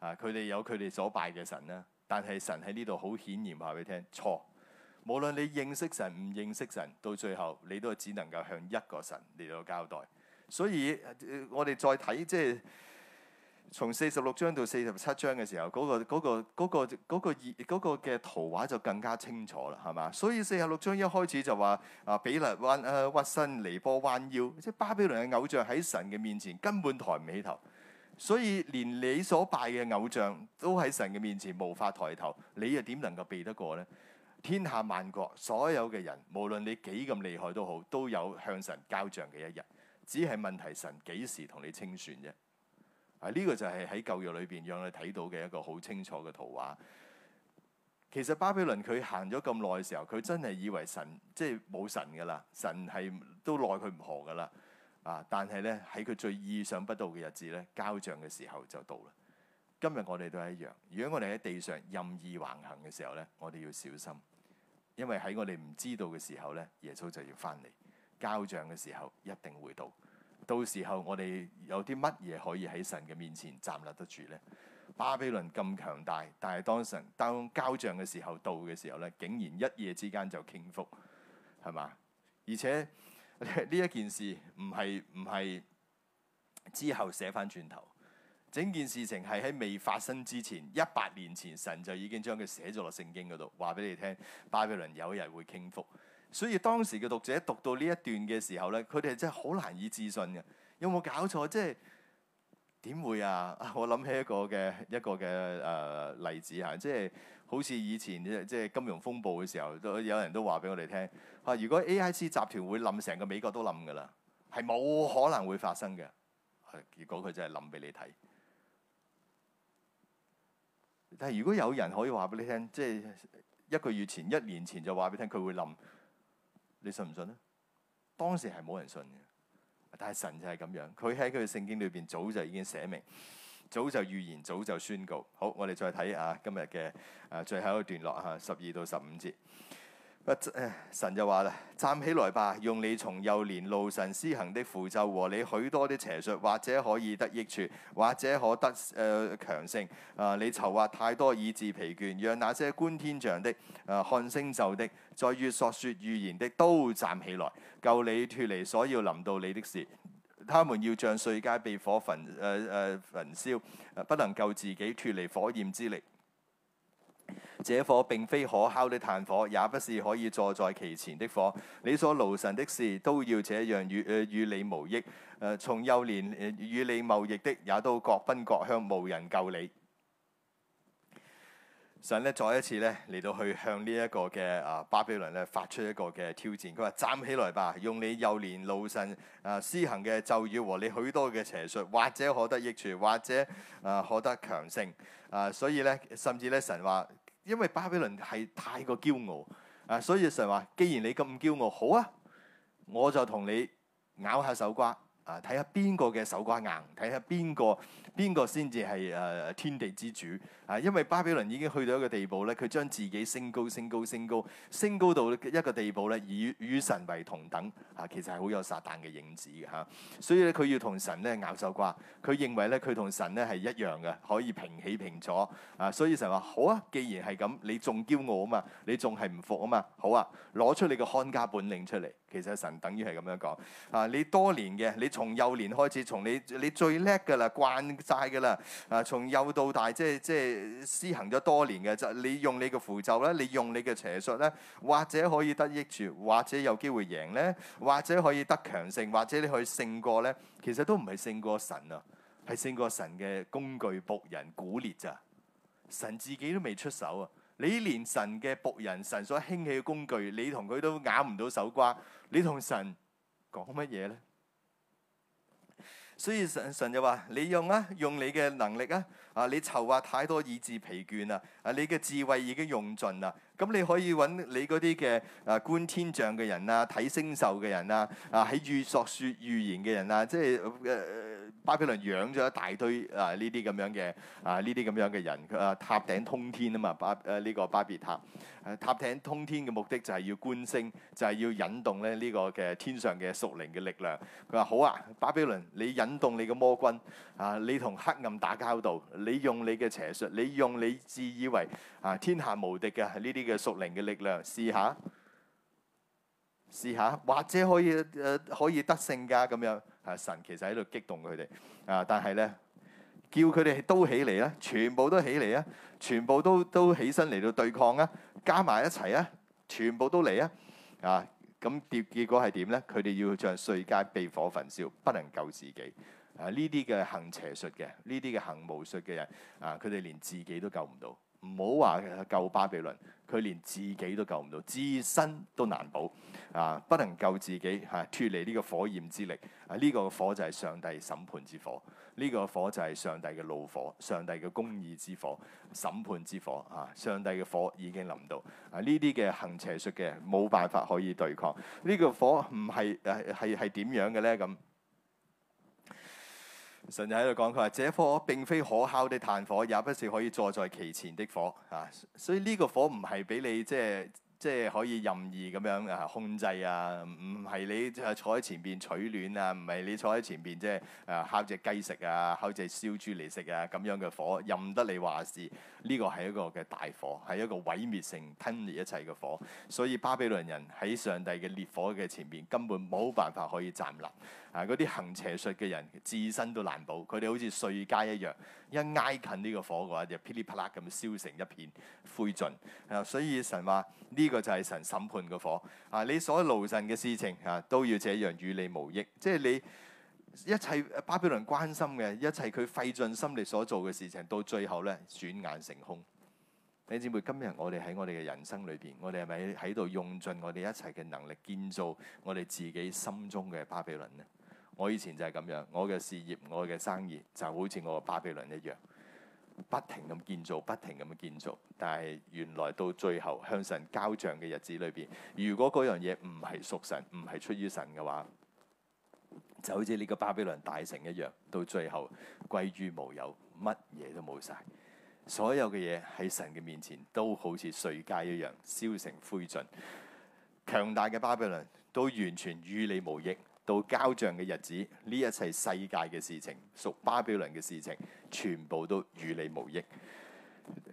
啊，佢哋有佢哋所拜嘅神啦，但係神喺呢度好顯然話俾你聽錯。無論你認識神唔認識神，到最後你都只能夠向一個神嚟到交代。所以、呃、我哋再睇，即係從四十六章到四十七章嘅時候，嗰個嗰個嗰個嗰個嗰個嗰個嘅圖畫就更加清楚啦，係嘛？所以四十六章一開始就話啊，比勒彎啊屈身尼波彎腰，即係巴比倫嘅偶像喺神嘅面前根本抬唔起頭，所以連你所拜嘅偶像都喺神嘅面前無法抬頭，你又點能夠避得過呢？天下萬國，所有嘅人，無論你幾咁厲害都好，都有向神交賬嘅一日。只係問題神幾時同你清算啫？啊，呢個就係喺舊約裏邊讓你睇到嘅一個好清楚嘅圖畫。其實巴比倫佢行咗咁耐嘅時候，佢真係以為神即係冇神噶啦，神係都奈佢唔何噶啦。啊，但係呢，喺佢最意想不到嘅日子呢，交賬嘅時候就到啦。今日我哋都係一樣。如果我哋喺地上任意橫行嘅時候呢，我哋要小心。因為喺我哋唔知道嘅時候呢，耶穌就要翻嚟交賬嘅時候一定會到。到時候我哋有啲乜嘢可以喺神嘅面前站立得住呢？巴比倫咁強大，但係當神當交賬嘅時候，到嘅時候呢，竟然一夜之間就傾覆，係嘛？而且呢一件事，唔係唔係之後寫翻轉頭。整件事情係喺未發生之前，一百年前神就已經將佢寫咗落聖經嗰度，話俾你聽：巴比倫有一日會傾覆。所以當時嘅讀者讀到呢一段嘅時候咧，佢哋真係好難以置信嘅。有冇搞錯？即係點會啊？我諗起一個嘅一個嘅誒、呃、例子嚇，即係好似以前即係金融風暴嘅時候，都有人都話俾我哋聽：啊，如果 AIC 集團會冧，成個美國都冧㗎啦，係冇可能會發生嘅。結果佢真係冧俾你睇。但係如果有人可以話俾你聽，即係一個月前、一年前就話俾你聽佢會冧，你信唔信呢？當時係冇人信嘅，但係神就係咁樣，佢喺佢嘅聖經裏邊早就已經寫明，早就預言，早就宣告。好，我哋再睇啊今日嘅誒最後一個段落吓，十二到十五節。不，神就話啦：站起來吧，用你從幼年路神施行的符咒和你許多的邪術，或者可以得益處，或者可得誒、呃、強盛。啊、呃，你籌劃太多以致疲倦，讓那些觀天象的、啊、呃、看星宿的、在月朔説預言的都站起來，救你脱離所要臨到你的事。他們要像碎秸被火焚，呃呃、焚燒，呃、不能救自己脱離火焰之力。這火並非可烤的炭火，也不是可以坐在其前的火。你所勞神的事都要這樣與誒、呃、與你無益。誒從幼年與你貿易的也都各奔各鄉，向無人救你。神咧再一次咧嚟到去向呢一個嘅啊巴比倫咧發出一個嘅挑戰，佢話：站起來吧，用你幼年勞神啊施行嘅咒語和你許多嘅邪術，或者可得益處，或者啊可得強盛。啊，所以呢，甚至呢神話。因為巴比倫係太過驕傲啊，所以成日話：既然你咁驕傲，好啊，我就同你咬下手瓜啊，睇下邊個嘅手瓜硬，睇下邊個。邊個先至係誒天地之主啊？因為巴比倫已經去到一個地步咧，佢將自己升高、升高、升高，升高到一個地步咧，以與神為同等啊！其實係好有撒旦嘅影子嘅嚇、啊。所以咧，佢要同神咧咬手瓜，佢認為咧佢同神咧係一樣嘅，可以平起平坐啊！所以神話好啊，既然係咁，你仲驕傲啊嘛，你仲係唔服啊嘛？好啊，攞出你個看家本領出嚟。其實神等於係咁樣講啊！你多年嘅，你從幼年開始，從你你最叻嘅啦慣。曬㗎啦！啊、嗯，從幼到大，即係即係施行咗多年嘅，就你用你嘅符咒咧，你用你嘅邪術咧，或者可以得益處，或者有機會贏咧，或者可以得強盛，或者你去勝過咧，其實都唔係勝過神啊，係勝過神嘅工具仆人古列咋！神自己都未出手啊！你連神嘅僕人、神所興起嘅工具，你同佢都揞唔到手瓜，你同神講乜嘢咧？所以神神就話：「你用啊，用你嘅能力啊！」啊！你籌劃、啊、太多以致疲倦啊！啊！你嘅智慧已經用盡啦。咁、啊、你可以揾你嗰啲嘅啊觀天象嘅人啊，睇星宿嘅人啊，啊喺月朔説預言嘅人啊，即、啊、係巴比倫養咗一大堆啊呢啲咁樣嘅啊呢啲咁樣嘅人。佢、啊、話塔頂通天啊嘛，巴誒呢、啊這個巴別塔，啊、塔頂通天嘅目的就係要觀星，就係、是、要引動咧呢、這個嘅天上嘅屬靈嘅力量。佢話好啊，巴比倫，你引動你嘅魔君啊，你同黑暗打交道。你用你嘅邪術，你用你自以為啊天下無敵嘅呢啲嘅屬靈嘅力量，試下試下，或者可以誒可以得勝㗎咁樣。神其實喺度激動佢哋啊，但係咧叫佢哋都起嚟啦，全部都起嚟啊，全部都都起身嚟到對抗啊，加埋一齊啊，全部都嚟啊啊！咁結結果係點咧？佢哋要像碎稭被火焚燒，不能救自己。啊！呢啲嘅行邪術嘅，呢啲嘅行巫術嘅人，啊，佢哋連自己都救唔到，唔好話救巴比倫，佢連自己都救唔到，自身都難保，啊，不能救自己嚇，脫、啊、離呢個火焰之力，呢、啊這個火就係上帝審判之火，呢、這個火就係上帝嘅怒火，上帝嘅公義之火，審判之火，嚇、啊，上帝嘅火已經臨到，啊，呢啲嘅行邪術嘅冇辦法可以對抗，呢、這個火唔係誒係係點樣嘅咧咁？神就喺度講：佢話，這火並非可烤的炭火，也不是可以坐在其前的火。啊，所以呢個火唔係俾你即係即係可以任意咁樣啊控制啊，唔係你即係坐喺前邊取暖啊，唔係你坐喺前邊即係啊烤隻雞食啊，烤隻燒豬嚟食啊咁、啊、樣嘅火，任得你話事。呢、這個係一個嘅大火，係一個毀滅性吞滅一切嘅火。所以巴比倫人喺上帝嘅烈火嘅前面，根本冇辦法可以站立。啊！嗰啲行邪術嘅人自身都難保，佢哋好似碎秸一樣，一挨近呢個火嘅話，就噼里啪啦咁燒成一片灰燼。啊！所以神話呢、這個就係神審判嘅火。啊！你所勞神嘅事情啊，都要這樣與你無益。即係你一切巴比倫關心嘅一切，佢費盡心力所做嘅事情，到最後咧轉眼成空。你、嗯、知唔知今日我哋喺我哋嘅人生裏邊，我哋係咪喺度用盡我哋一切嘅能力建造我哋自己心中嘅巴比倫呢？我以前就係咁樣，我嘅事業、我嘅生意，就好似我個巴比倫一樣，不停咁建造，不停咁建造。但係原來到最後，向神交賬嘅日子裏邊，如果嗰樣嘢唔係屬神，唔係出於神嘅話，就好似呢個巴比倫大城一樣，到最後歸於無有，乜嘢都冇晒。所有嘅嘢喺神嘅面前，都好似碎秸一樣，燒成灰燼。強大嘅巴比倫都完全與你無益。到交賬嘅日子，呢一切世界嘅事情，屬巴比倫嘅事情，全部都與你無益。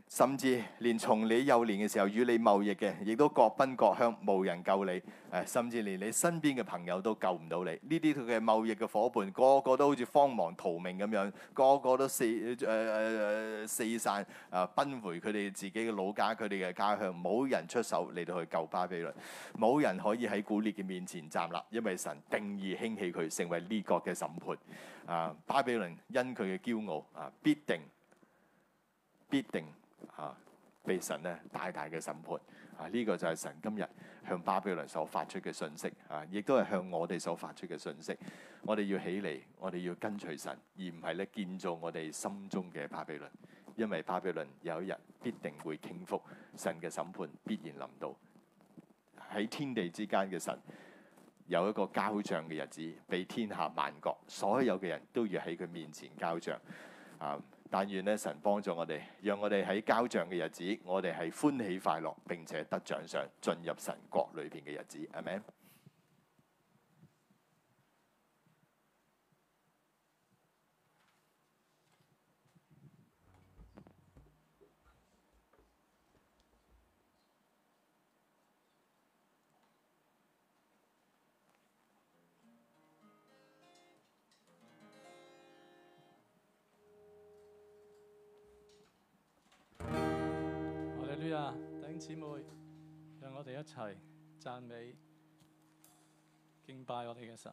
甚至連從你幼年嘅時候與你貿易嘅，亦都各奔各鄉，冇人救你。誒，甚至連你身邊嘅朋友都救唔到你。呢啲佢嘅貿易嘅夥伴，個個都好似慌忙逃命咁樣，個個都四誒、呃、四散啊、呃，奔回佢哋自己嘅老家，佢哋嘅家鄉，冇人出手嚟到去救巴比倫，冇人可以喺古列嘅面前站立，因為神定意興起佢成為列國嘅審判。啊、呃，巴比倫因佢嘅驕傲啊、呃，必定。必定啊，被神咧大大嘅審判啊！呢個就係神今日向巴比倫所發出嘅信息啊，亦都係向我哋所發出嘅信息。我哋要起嚟，我哋要跟隨神，而唔係咧建造我哋心中嘅巴比倫。因為巴比倫有一日必定會傾覆，神嘅審判必然臨到。喺天地之間嘅神有一個交賬嘅日子，畀天下萬國所有嘅人都要喺佢面前交賬啊！但願咧神幫助我哋，讓我哋喺交仗嘅日子，我哋係歡喜快樂並且得獎賞，進入神國裏邊嘅日子，阿門。啊，弟兄姊妹，讓我哋一齊讚美、敬拜我哋嘅神。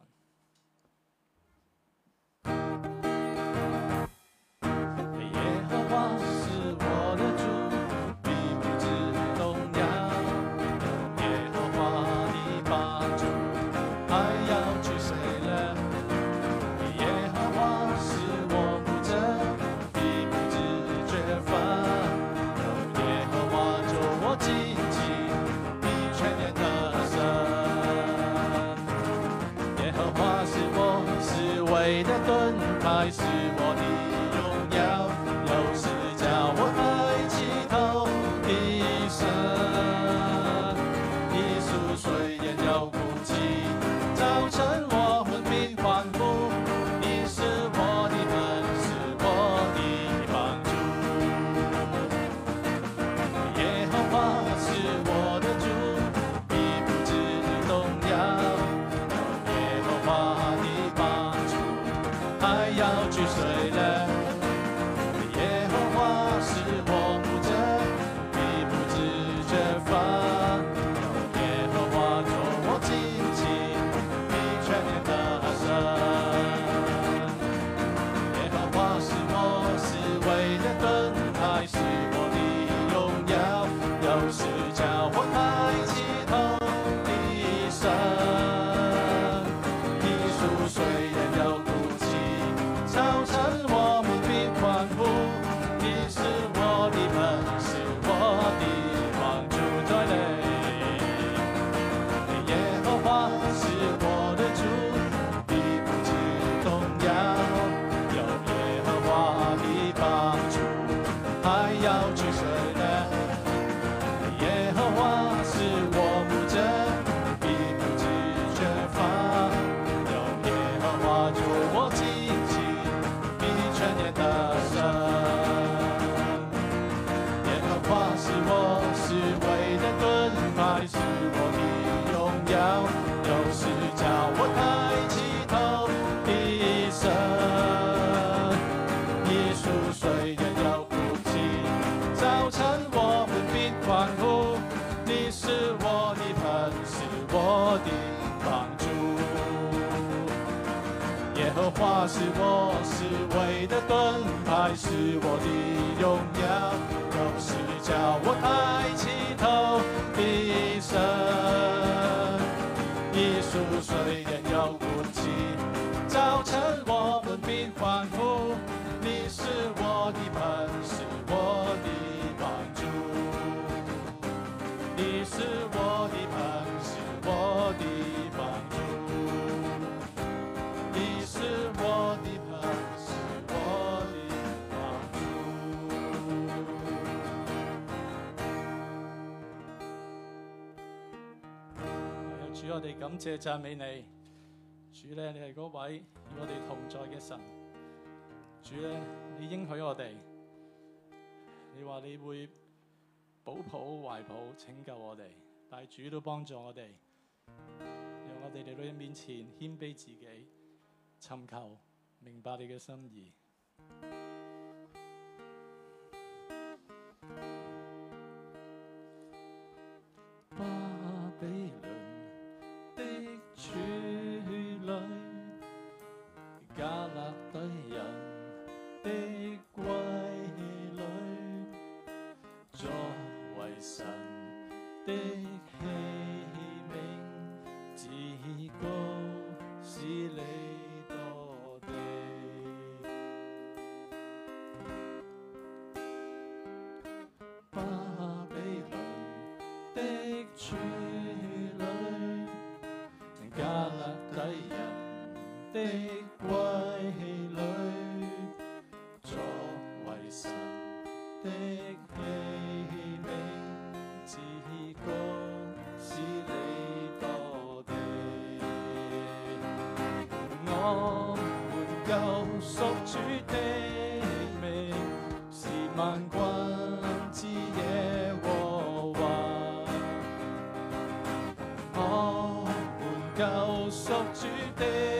謝讚美你，主咧，你係嗰位與我哋同在嘅神，主咧，你應許我哋，你話你會保抱懷抱拯救我哋，但係主都幫助我哋，讓我哋嚟到你面前謙卑自己，尋求明白你嘅心意。屬主的命是萬軍之耶和華，我們救贖主的。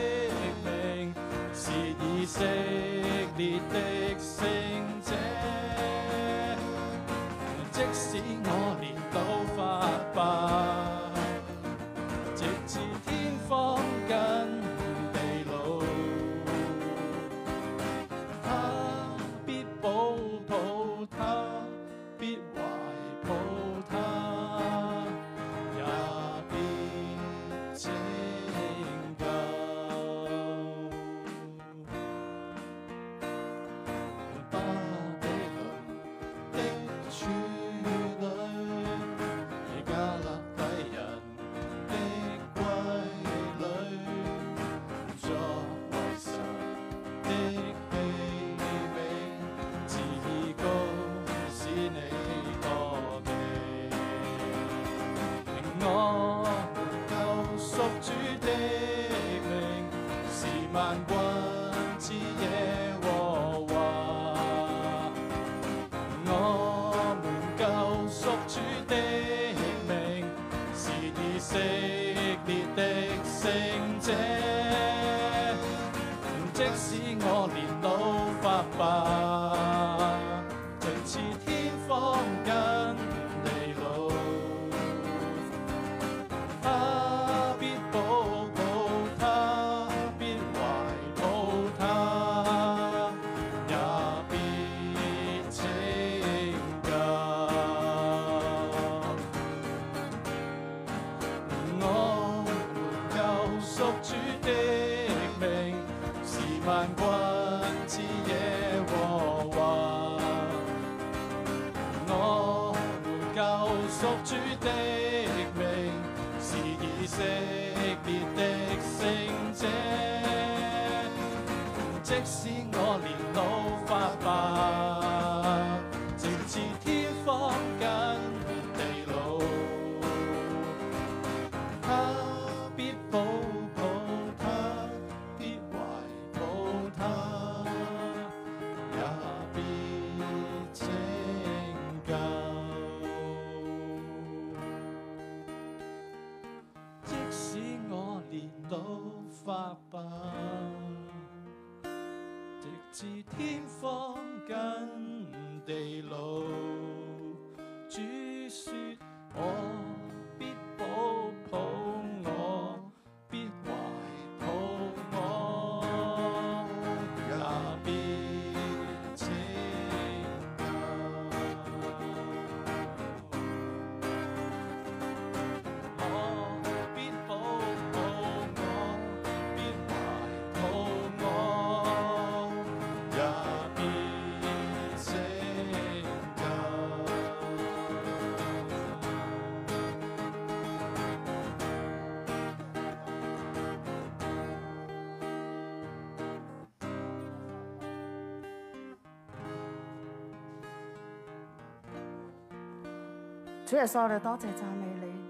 主耶穌，我哋多謝讚美你。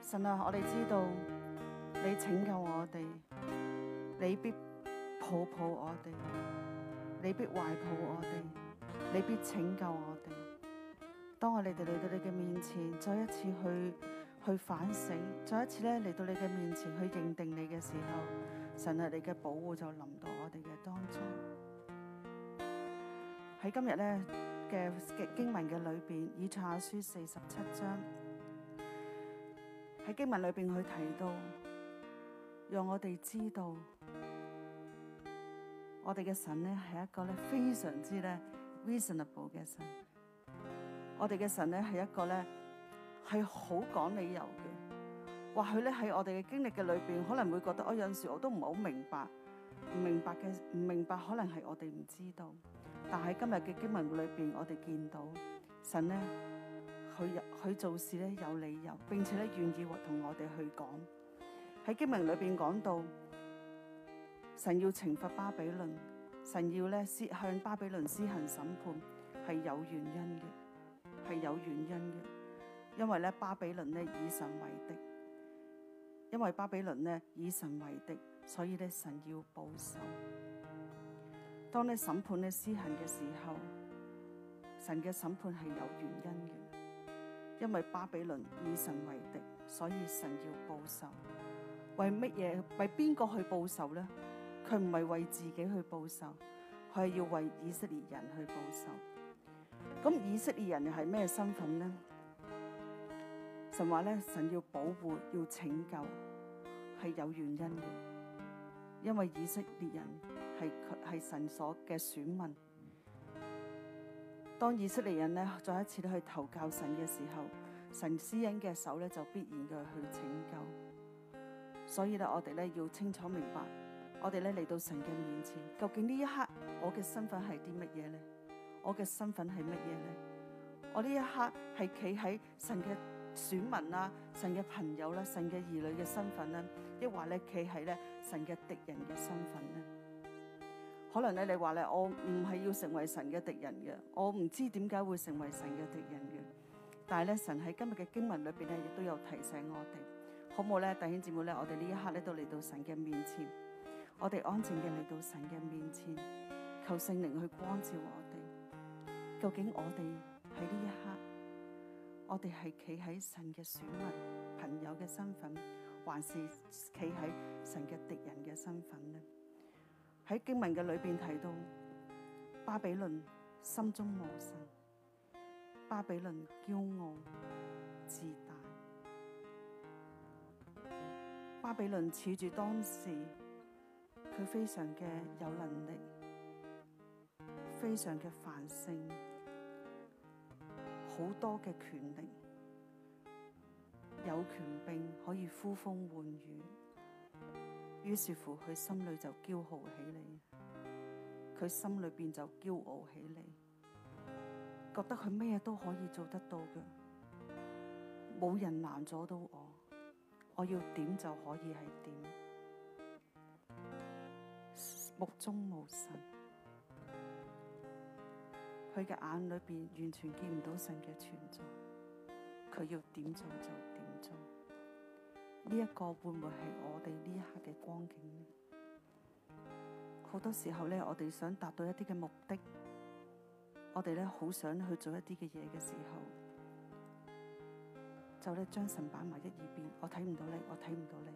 神啊，我哋知道你拯救我哋，你必抱抱我哋，你必懷抱我哋，你必拯救我哋。當我哋哋嚟到你嘅面前，再一次去去反省，再一次咧嚟到你嘅面前去認定你嘅時候，神啊，你嘅保護就臨到我哋嘅當中。喺今日咧嘅嘅經文嘅裏邊，以賽亞書四十七章喺經文裏邊去提到，讓我哋知道我哋嘅神咧係一個咧非常之咧 reasonable 嘅神。我哋嘅神咧係一個咧係好講理由嘅。或許咧喺我哋嘅經歷嘅裏邊，可能會覺得我有陣時我都唔係好明白，唔明白嘅唔明白，可能係我哋唔知道。但喺今日嘅經文裏邊，我哋見到神呢，佢佢做事呢有理由，並且呢願意同我哋去講。喺經文裏邊講到，神要懲罰巴比倫，神要呢施向巴比倫施行審判，係有原因嘅，係有原因嘅，因為咧巴比倫呢以神為敵，因為巴比倫呢以神為敵，所以呢神要保守。當你審判呢施行嘅時候，神嘅審判係有原因嘅，因為巴比倫以神為敵，所以神要報仇。為乜嘢？為邊個去報仇咧？佢唔係為自己去報仇，佢係要為以色列人去報仇。咁以色列人係咩身份咧？神話咧，神要保護，要拯救，係有原因嘅，因為以色列人。係係神所嘅選民。當以色列人咧再一次去投教神嘅時候，神施恩嘅手咧就必然嘅去拯救。所以咧，我哋咧要清楚明白，我哋咧嚟到神嘅面前，究竟呢一刻我嘅身份係啲乜嘢呢？我嘅身份係乜嘢呢？我呢一刻係企喺神嘅選民啦、啊、神嘅朋友啦、啊，神嘅兒女嘅身份咧，亦或咧企喺咧神嘅敵人嘅身份呢、啊？可能咧，你話咧，我唔係要成為神嘅敵人嘅，我唔知點解會成為神嘅敵人嘅。但係咧，神喺今日嘅經文裏邊咧，亦都有提醒我哋，好唔好咧，弟兄姊妹咧，我哋呢一刻咧，都嚟到神嘅面前，我哋安靜嘅嚟到神嘅面前，求聖靈去光照我哋。究竟我哋喺呢一刻，我哋係企喺神嘅選民朋友嘅身份，還是企喺神嘅敵人嘅身份呢？喺經文嘅裏面提到，巴比倫心中無神，巴比倫驕傲自大，巴比倫恃住當時佢非常嘅有能力，非常嘅繁盛，好多嘅權力，有權柄可以呼風喚雨。於是乎，佢心裏就驕傲起嚟，佢心裏邊就驕傲起嚟，覺得佢咩嘢都可以做得到嘅，冇人攔阻到我，我要點就可以係點，目中無神，佢嘅眼裏邊完全見唔到神嘅存在，佢要點做就點做。呢一個會唔會係我哋呢一刻嘅光景呢？好多時候呢，我哋想達到一啲嘅目的，我哋呢好想去做一啲嘅嘢嘅時候，就咧將神擺埋一邊。我睇唔到你，我睇唔到你，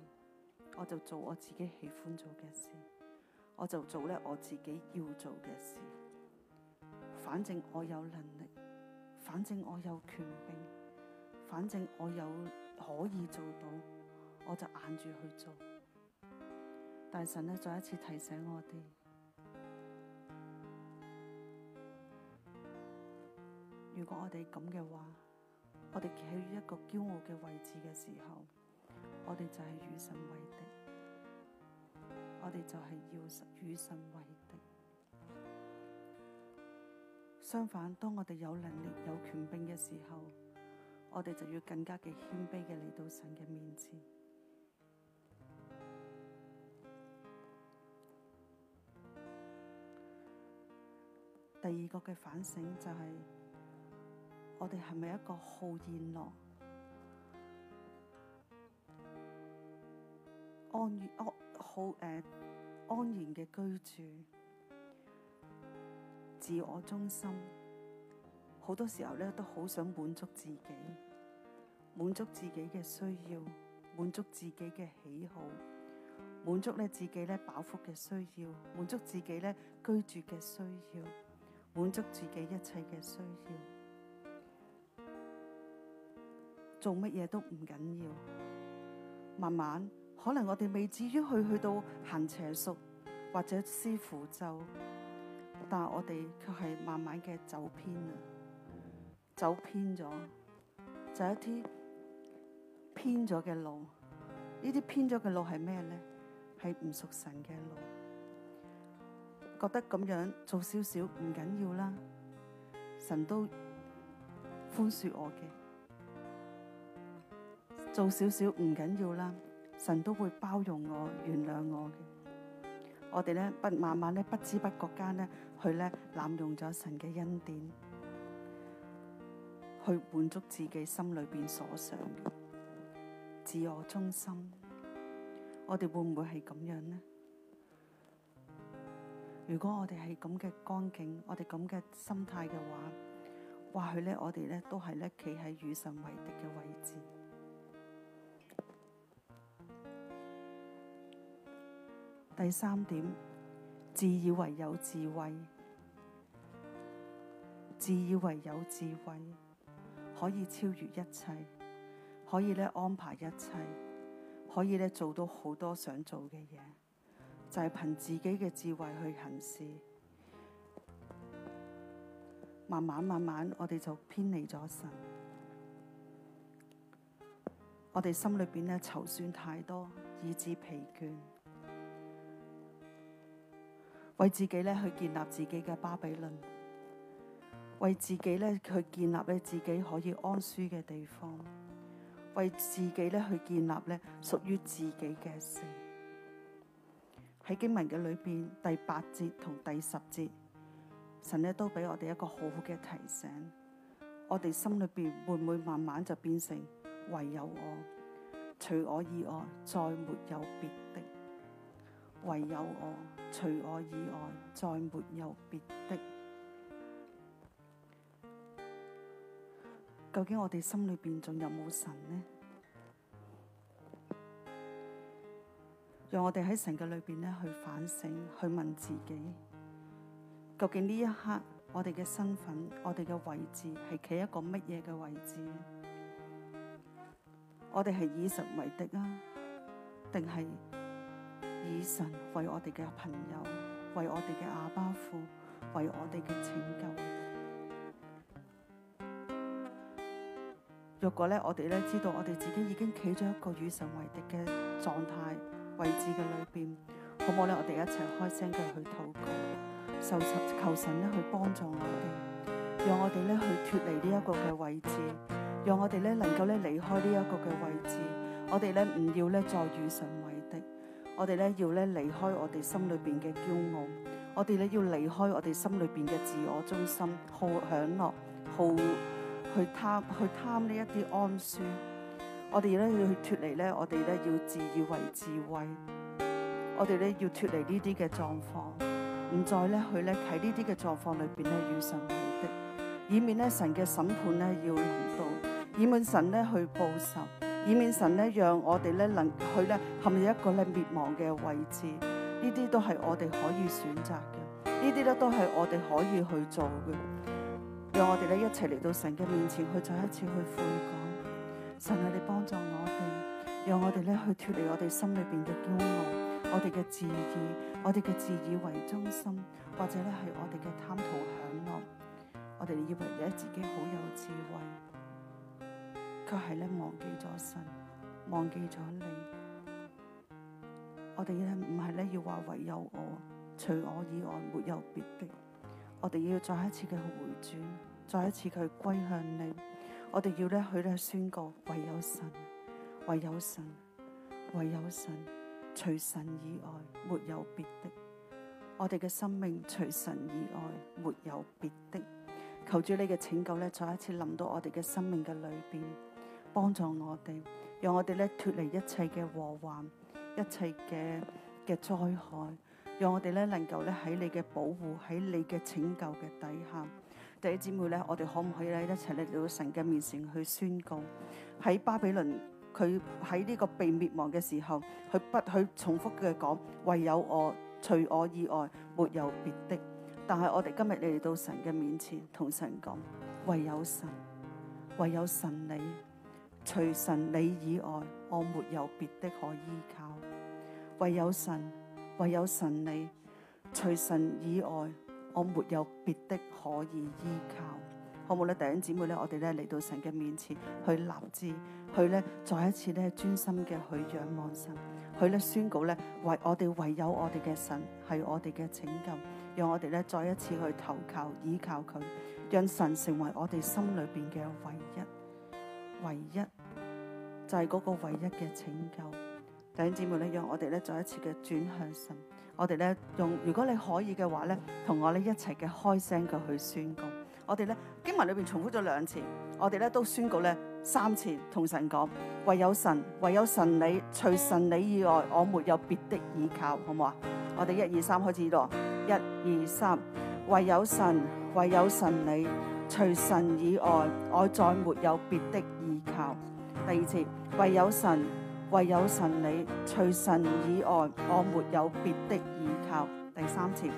我就做我自己喜歡做嘅事，我就做咧我自己要做嘅事。反正我有能力，反正我有權柄，反正我有，反正我有可以做到。我就硬住去做。大神咧，再一次提醒我哋，如果我哋咁嘅話，我哋企喺一個驕傲嘅位置嘅時候，我哋就係與神為敵，我哋就係要與神為敵。相反，當我哋有能力、有權柄嘅時候，我哋就要更加嘅謙卑嘅嚟到神嘅面前。第二個嘅反省就係，我哋係咪一個好現樂安安好安然嘅居住，自我中心。好多時候咧都好想滿足自己，滿足自己嘅需要，滿足自己嘅喜好，滿足咧自己咧飽腹嘅需要，滿足自己咧居住嘅需要。滿足自己一切嘅需要，做乜嘢都唔緊要。慢慢，可能我哋未至於去去到行邪術或者施符咒，但係我哋卻係慢慢嘅走偏啊，走偏咗，就一啲偏咗嘅路。呢啲偏咗嘅路係咩呢？係唔屬神嘅路。覺得咁樣做少少唔緊要啦，神都寬恕我嘅，做少少唔緊要啦，神都會包容我、原諒我嘅。我哋呢不慢慢呢不知不覺間呢，去呢，濫用咗神嘅恩典，去滿足自己心裏邊所想嘅自我中心。我哋會唔會係咁樣呢？如果我哋係咁嘅光景，我哋咁嘅心態嘅話，或許咧，我哋咧都係咧，企喺與神為敵嘅位置。第三點，自以為有智慧，自以為有智慧，可以超越一切，可以咧安排一切，可以咧做到好多想做嘅嘢。就係憑自己嘅智慧去行事，慢慢慢慢，我哋就偏離咗神。我哋心裏邊呢，籌算太多，以致疲倦，為自己呢去建立自己嘅巴比倫，為自己呢去建立你自己可以安舒嘅地方，為自己呢去建立呢屬於自己嘅城。喺經文嘅裏面，第八節同第十節，神呢都俾我哋一個好好嘅提醒，我哋心裏面會唔會慢慢就變成唯有我，除我以外再沒有別的；唯有我，除我以外再沒有別的。究竟我哋心裏面仲有冇神呢？讓我哋喺神嘅裏邊咧去反省，去問自己，究竟呢一刻我哋嘅身份、我哋嘅位置係企一個乜嘢嘅位置？我哋係以神為敵啊，定係以神為我哋嘅朋友，為我哋嘅阿巴父、為我哋嘅拯救？若果咧，我哋咧知道我哋自己已經企咗一個與神為敵嘅狀態。位置嘅裏邊，好唔好咧？我哋一齊開聲嘅去禱告，受求神咧去幫助我哋，讓我哋咧去脫離呢一個嘅位置，讓我哋咧能夠咧離開呢一個嘅位置，我哋咧唔要咧再與神為敵，我哋咧要咧離開我哋心裏邊嘅驕傲，我哋咧要離開我哋心裏邊嘅自我中心，好享樂，好去貪去貪呢一啲安舒。我哋咧要脫離咧，我哋咧要自以為智慧，我哋咧要脫離呢啲嘅狀況，唔再咧去咧喺呢啲嘅狀況裏邊咧與神為敵，以免咧神嘅審判咧要臨到，以免神咧去報仇，以免神咧讓我哋咧能去咧陷入一個咧滅亡嘅位置，呢啲都係我哋可以選擇嘅，呢啲咧都係我哋可以去做嘅，讓我哋咧一齊嚟到神嘅面前，去再一次去悔改。神啊！你幫助我哋，讓我哋咧去脱離我哋心裏邊嘅驕傲，我哋嘅自意，我哋嘅自以為中心，或者咧係我哋嘅貪圖享樂，我哋以為咧自己好有智慧，卻係咧忘記咗神，忘記咗你。我哋要咧唔係咧要話唯有我，除我以外沒有別的。我哋要再一次嘅回轉，再一次佢歸向你。我哋要咧去咧宣告，唯有神，唯有神，唯有神，除神以外沒有別的。我哋嘅生命除神以外沒有別的。求主你嘅拯救咧，再一次臨到我哋嘅生命嘅裏邊，幫助我哋，讓我哋咧脫離一切嘅禍患，一切嘅嘅災害，讓我哋咧能夠咧喺你嘅保護，喺你嘅拯救嘅底下。弟兄姊妹咧，我哋可唔可以喺一齊嚟到神嘅面前去宣告？喺巴比倫，佢喺呢個被滅亡嘅時候，佢不許重複嘅講，唯有我，除我以外沒有別的。但係我哋今日嚟到神嘅面前，同神講，唯有神，唯有神你，除神你以外，我沒有別的可依靠。唯有神，唯有神你，除神你以外，我沒有別的可以依靠，好冇咧？弟兄姊妹咧，我哋咧嚟到神嘅面前去立志，去咧再一次咧專心嘅去仰望神，佢咧宣告咧為我哋唯有我哋嘅神係我哋嘅拯救，讓我哋咧再一次去投靠依靠佢，讓神成為我哋心裏邊嘅唯一，唯一就係嗰個唯一嘅拯救。弟兄姊妹咧，讓我哋咧再一次嘅轉向神。我哋咧用，如果你可以嘅話咧，同我咧一齊嘅開聲佢去宣告。我哋咧經文裏邊重複咗兩次，我哋咧都宣告咧三次，同神講，唯有神，唯有神你，除神你以外，我沒有別的依靠，好唔好啊？我哋一二三開始囉，一二三，唯有神，唯有神你，除神以外，我再沒有別的依靠。第二次，唯有神。唯有神你，除神以外，我沒有別的依靠。第三節，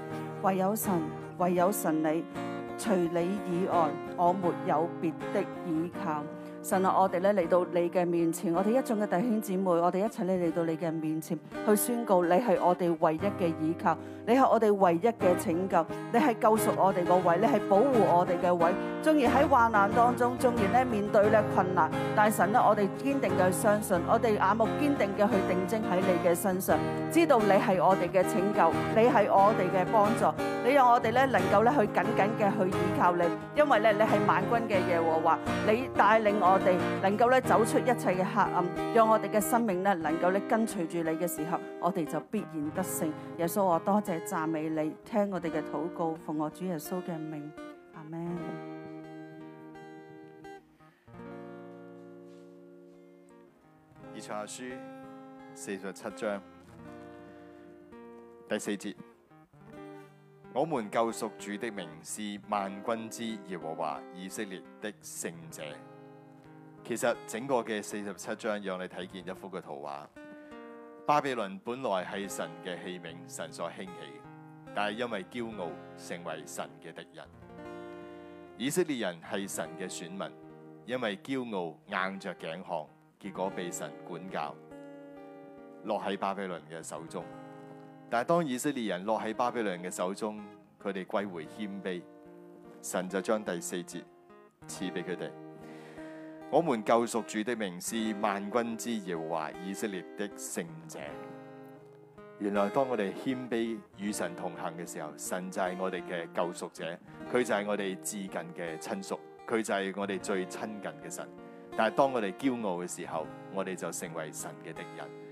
唯有神，唯有神你，除你以外，我沒有別的依靠。神啊，我哋咧嚟到你嘅面前，我哋一眾嘅弟兄姊妹，我哋一齊咧嚟到你嘅面前去宣告，你係我哋唯一嘅依靠，你係我哋唯一嘅拯救，你係救贖我哋個位，你係保護我哋嘅位。縱然喺患難當中，縱然咧面對咧困難，但神咧啊，我哋堅定嘅相信，我哋眼目堅定嘅去定睛喺你嘅身上，知道你係我哋嘅拯救，你係我哋嘅幫助，你讓我哋咧能夠咧去緊緊嘅去倚靠你，因為咧你係萬軍嘅耶和華，你帶領我。我哋能夠咧走出一切嘅黑暗，讓我哋嘅生命咧能夠咧跟隨住你嘅時候，我哋就必然得勝。耶穌，我多謝讚美你，聽我哋嘅禱告，奉我主耶穌嘅名。阿門。以賽亞書四十七章第四節：我們救贖主的名是萬軍之耶和華，以色列的聖者。其實整個嘅四十七章讓你睇見一幅嘅圖畫。巴比倫本來係神嘅器皿，神所興起，但係因為驕傲成為神嘅敵人。以色列人係神嘅選民，因為驕傲硬着頸項，結果被神管教，落喺巴比倫嘅手中。但係當以色列人落喺巴比倫嘅手中，佢哋歸回謙卑，神就將第四節賜俾佢哋。我們救贖主的名是萬軍之耶和華，以色列的聖者。原來當我哋謙卑與神同行嘅時候，神就係我哋嘅救贖者，佢就係我哋至近嘅親屬，佢就係我哋最親近嘅神。但係當我哋驕傲嘅時候，我哋就成為神嘅敵人。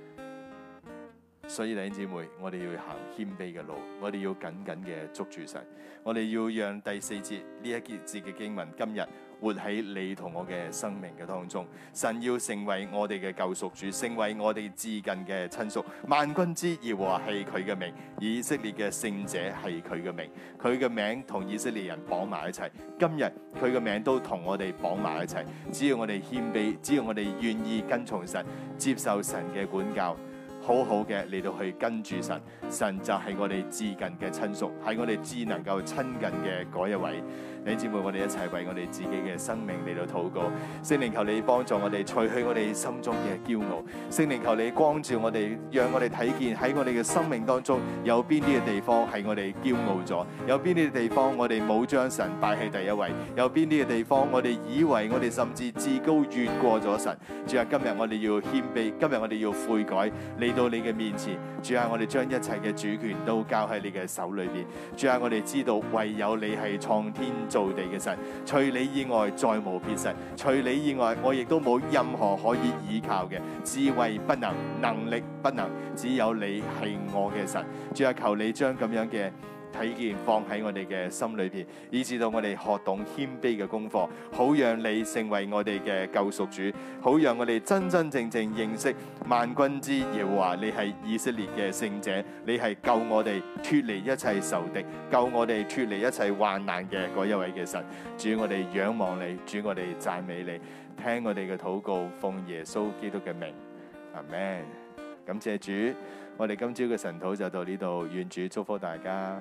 所以弟兄姊妹，我哋要行謙卑嘅路，我哋要緊緊嘅捉住神，我哋要讓第四節呢一節節嘅經文今日活喺你同我嘅生命嘅當中。神要成為我哋嘅救贖主，成為我哋至近嘅親屬。萬軍之耶和華係佢嘅名，以色列嘅聖者係佢嘅名，佢嘅名同以色列人綁埋一齊。今日佢嘅名都同我哋綁埋一齊。只要我哋謙卑，只要我哋願意跟從神，接受神嘅管教。好好嘅嚟到去跟住神，神就係我哋至近嘅親屬，係我哋至能夠親近嘅嗰一位。你姊妹，我哋一齊為我哋自己嘅生命嚟到禱告。聖靈求你幫助我哋，除去我哋心中嘅驕傲。聖靈求你光照我哋，讓我哋睇見喺我哋嘅生命當中有邊啲嘅地方係我哋驕傲咗，有邊啲嘅地方我哋冇將神擺喺第一位，有邊啲嘅地方我哋以為我哋甚至至高越過咗神。主啊，今日我哋要謙卑，今日我哋要悔改，嚟到你嘅面前。主啊，我哋將一切嘅主權都交喺你嘅手裏邊。主啊，我哋知道唯有你係創天。造地嘅神，除你以外再無別神，除你以外我亦都冇任何可以依靠嘅智慧，不能，能力不能，只有你係我嘅神。最後求你將咁樣嘅。睇見放喺我哋嘅心裏邊，以至到我哋學懂謙卑嘅功課，好讓你成為我哋嘅救贖主，好讓我哋真真正正認識萬軍之耶和華，你係以色列嘅聖者，你係救我哋脫離一切仇敵，救我哋脫離一切患難嘅嗰一位嘅神，主我哋仰望你，主我哋讚美你，聽我哋嘅禱告，奉耶穌基督嘅名，阿門。感謝主，我哋今朝嘅神禱就到呢度，願主祝福大家。